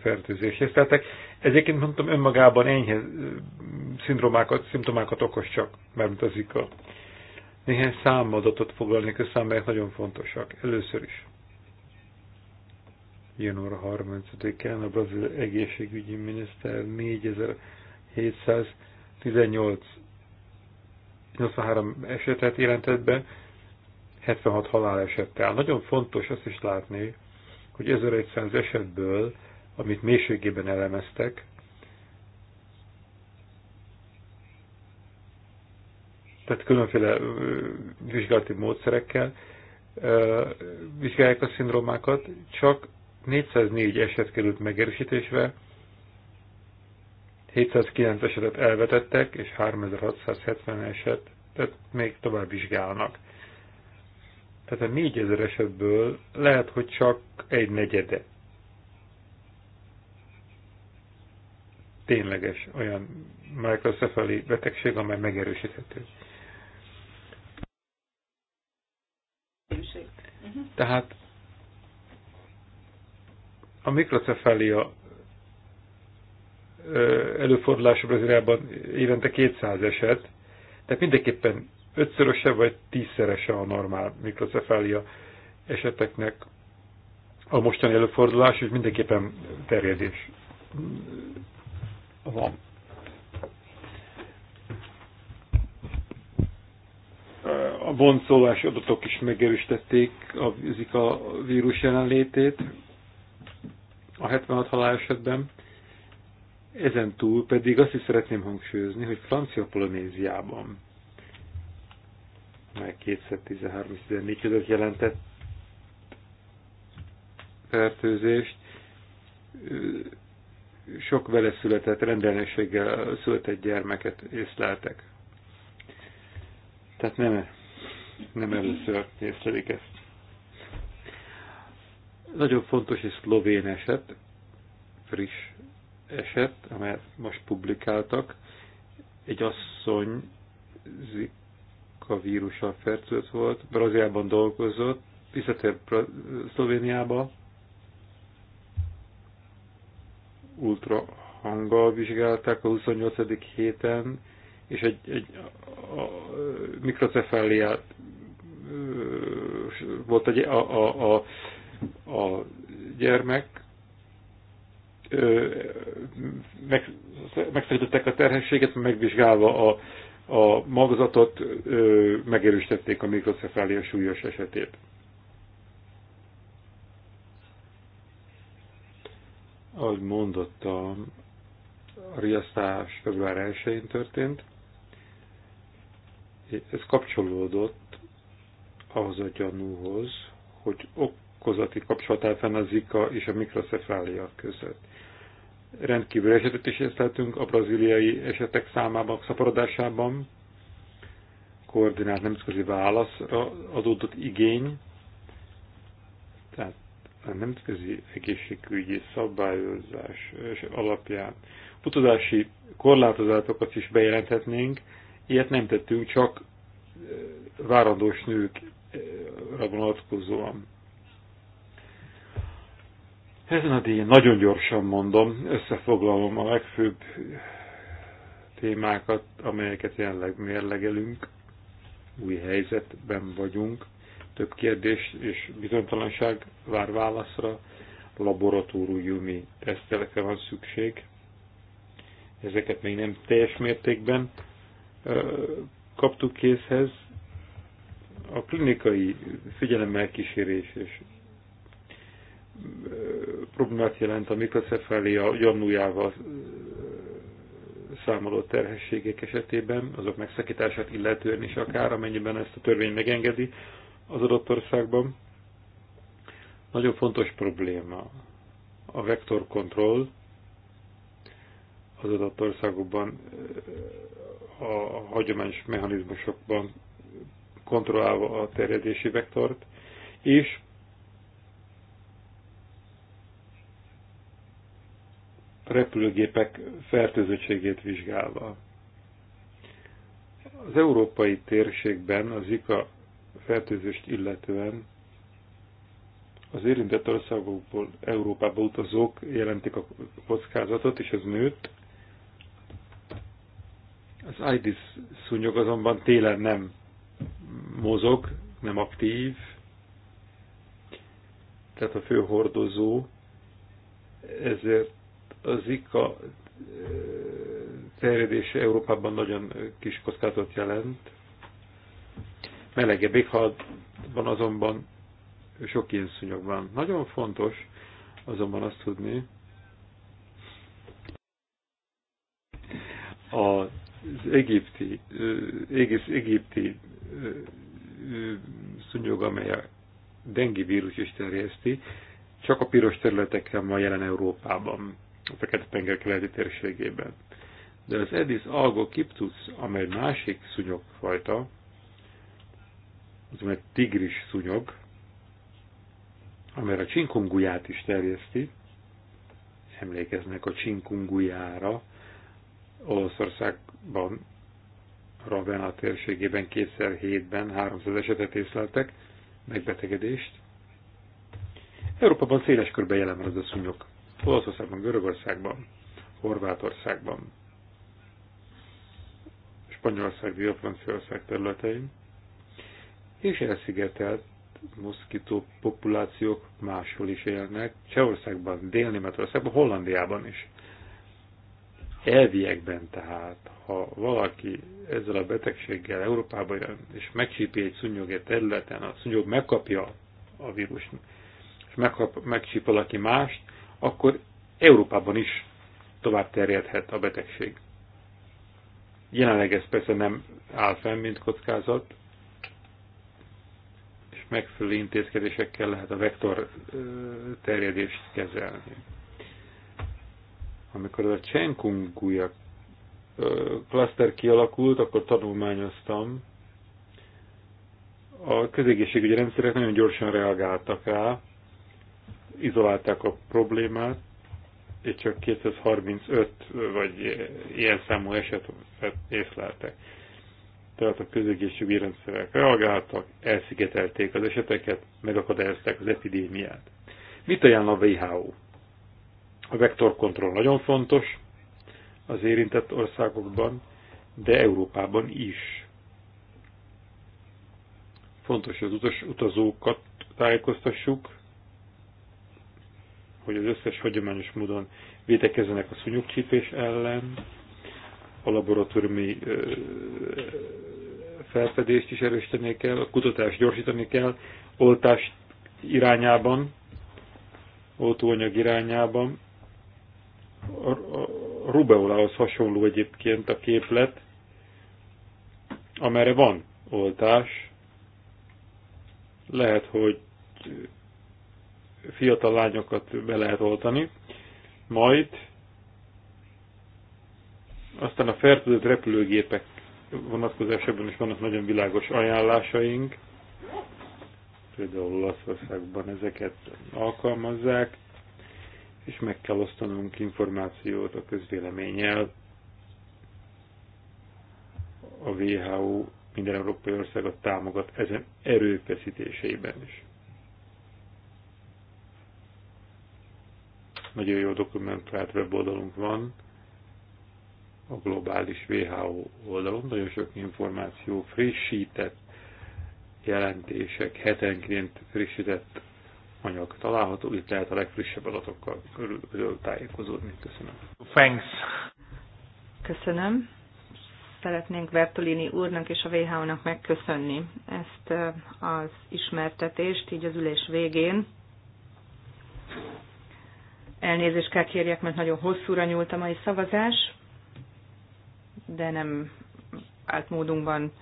fertőzéshez Tehát Egyébként mondtam önmagában enyhe szindromákat, szimptomákat okoz csak, mert a zika. Néhány számadatot foglalnék össze, amelyek nagyon fontosak. Először is. Január 35-án a brazil egészségügyi miniszter 4718 83 esetet jelentett be, 76 halál esettel. Nagyon fontos azt is látni, hogy 1100 esetből, amit mélységében elemeztek, tehát különféle vizsgálati módszerekkel vizsgálják a szindrómákat, csak 404 eset került megerősítésre, 709 esetet elvetettek, és 3670 eset, tehát még tovább vizsgálnak. Tehát a 4000 esetből lehet, hogy csak egy negyede tényleges olyan microcephali betegség, amely megerősíthető. Tehát a mikrocefália előfordulása Brazíliában évente 200 eset, tehát mindenképpen ötszöröse vagy tízszerese a normál mikrocefália eseteknek a mostani előfordulás, és mindenképpen terjedés van. A boncolás adatok is megerősítették a zika vírus jelenlétét a 76 halál esetben. Ezen túl pedig azt is szeretném hangsúlyozni, hogy Francia Polinéziában, meg 2013-14 között jelentett fertőzést, sok vele született, rendelenséggel született gyermeket észleltek. Tehát nem nem először észlelik ezt. Nagyon fontos egy szlovén eset, friss eset, amelyet most publikáltak. Egy asszony Zika vírussal fertőzött volt, Brazíliában dolgozott, visszatért Szlovéniába, ultra hanggal vizsgálták a 28. héten, és egy, egy a, a, a mikrocefáliát volt a, a, a, a gyermek, meg, megszerítettek a terhességet, megvizsgálva a, a magzatot, megerősítették a mikrocefália súlyos esetét. Ahogy mondottam, a riasztás február 1-én történt. Ez kapcsolódott ahhoz a gyanúhoz, hogy okozati kapcsolatát fenn a Zika és a mikrocefália között. Rendkívül esetet is észleltünk a braziliai esetek számában, szaporodásában, koordinált nemzetközi válaszra adódott igény, tehát a nemzetközi egészségügyi szabályozás alapján utazási korlátozásokat is bejelenthetnénk, ilyet nem tettünk, csak eh, várandós nők arra vonatkozóan. Ezen a díjén nagyon gyorsan mondom, összefoglalom a legfőbb témákat, amelyeket jelenleg mérlegelünk, új helyzetben vagyunk, több kérdés és bizonytalanság vár válaszra, laboratóriumi tesztelekre van szükség. Ezeket még nem teljes mértékben kaptuk készhez, a klinikai figyelemmel kísérés és problémát jelent a mikrocefália gyanújával számoló terhességek esetében, azok megszakítását illetően is akár, amennyiben ezt a törvény megengedi az adott országban. Nagyon fontos probléma a vektorkontroll az adott országokban a hagyományos mechanizmusokban kontrollálva a terjedési vektort, és repülőgépek fertőzöttségét vizsgálva. Az európai térségben az Zika fertőzést illetően az érintett országokból Európába utazók jelentik a kockázatot, és ez nőtt. Az AIDS szúnyog azonban télen nem mozog, nem aktív, tehát a főhordozó, ezért az IKA terjedése Európában nagyon kis kockázatot jelent. Melegebb éghajlatban azonban sok ilyen szúnyog van. Nagyon fontos azonban azt tudni, az egipti, egész egipti szúnyog, amely a dengi vírus is terjeszti, csak a piros területeken van jelen Európában, a Fekete-tenger keleti térségében. De az Edis algokiptus, amely másik szúnyogfajta, az egy tigris szúnyog, amely a csinkunguját is terjeszti, emlékeznek a csinkungujára, Olaszországban Ravenna térségében 2007-ben 300 esetet észleltek, megbetegedést. Európában széles körben jelen van az a szúnyog. Olaszországban, Görögországban, Horvátországban, Spanyolország, Dél-Franciaország területein, és elszigetelt moszkító populációk máshol is élnek, Csehországban, Dél-Németországban, Hollandiában is. Elviekben tehát, ha valaki ezzel a betegséggel Európába jön, és megcsípi egy szúnyog egy területen, a szúnyog megkapja a vírus, és megkap, megcsíp valaki mást, akkor Európában is tovább terjedhet a betegség. Jelenleg ez persze nem áll fenn, mint kockázat, és megfelelő intézkedésekkel lehet a vektor terjedést kezelni. Amikor ez a Csenkungúja klaszter kialakult, akkor tanulmányoztam. A közegészségügyi rendszerek nagyon gyorsan reagáltak rá, izolálták a problémát, és csak 235 vagy ilyen számú esetet észleltek. Tehát a közegészségügyi rendszerek reagáltak, elszigetelték az eseteket, megakadályozták az epidémiát. Mit ajánl a WHO? A vektorkontroll nagyon fontos az érintett országokban, de Európában is. Fontos, hogy az utas, utazókat tájékoztassuk, hogy az összes hagyományos módon védekezzenek a szúnyogcsípés ellen, a laboratóriumi felfedést is erősíteni kell, a kutatást gyorsítani kell, oltást irányában, oltóanyag irányában, rubeolához hasonló egyébként a képlet, amerre van oltás. Lehet, hogy fiatal lányokat be lehet oltani, majd aztán a fertőzött repülőgépek vonatkozásában is vannak nagyon világos ajánlásaink, például Olaszországban ezeket alkalmazzák, és meg kell osztanunk információt a közvéleménnyel. A WHO minden európai országot támogat ezen erőfeszítéseiben is. Nagyon jó dokumentált weboldalunk van, a globális WHO oldalon, nagyon sok információ, frissített jelentések, hetenként frissített anyag található, itt lehet a legfrissebb adatokkal körülbelül tájékozódni. Köszönöm. Thanks. Köszönöm. Szeretnénk Bertolini úrnak és a WHO-nak megköszönni ezt az ismertetést, így az ülés végén. Elnézést kell kérjek, mert nagyon hosszúra nyúlt a mai szavazás, de nem állt módunkban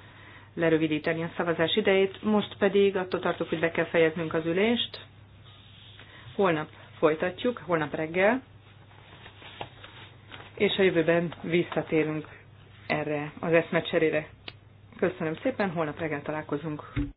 lerövidíteni a szavazás idejét. Most pedig attól tartok, hogy be kell fejeznünk az ülést. Holnap folytatjuk, holnap reggel, és a jövőben visszatérünk erre az eszmecserére. Köszönöm szépen, holnap reggel találkozunk.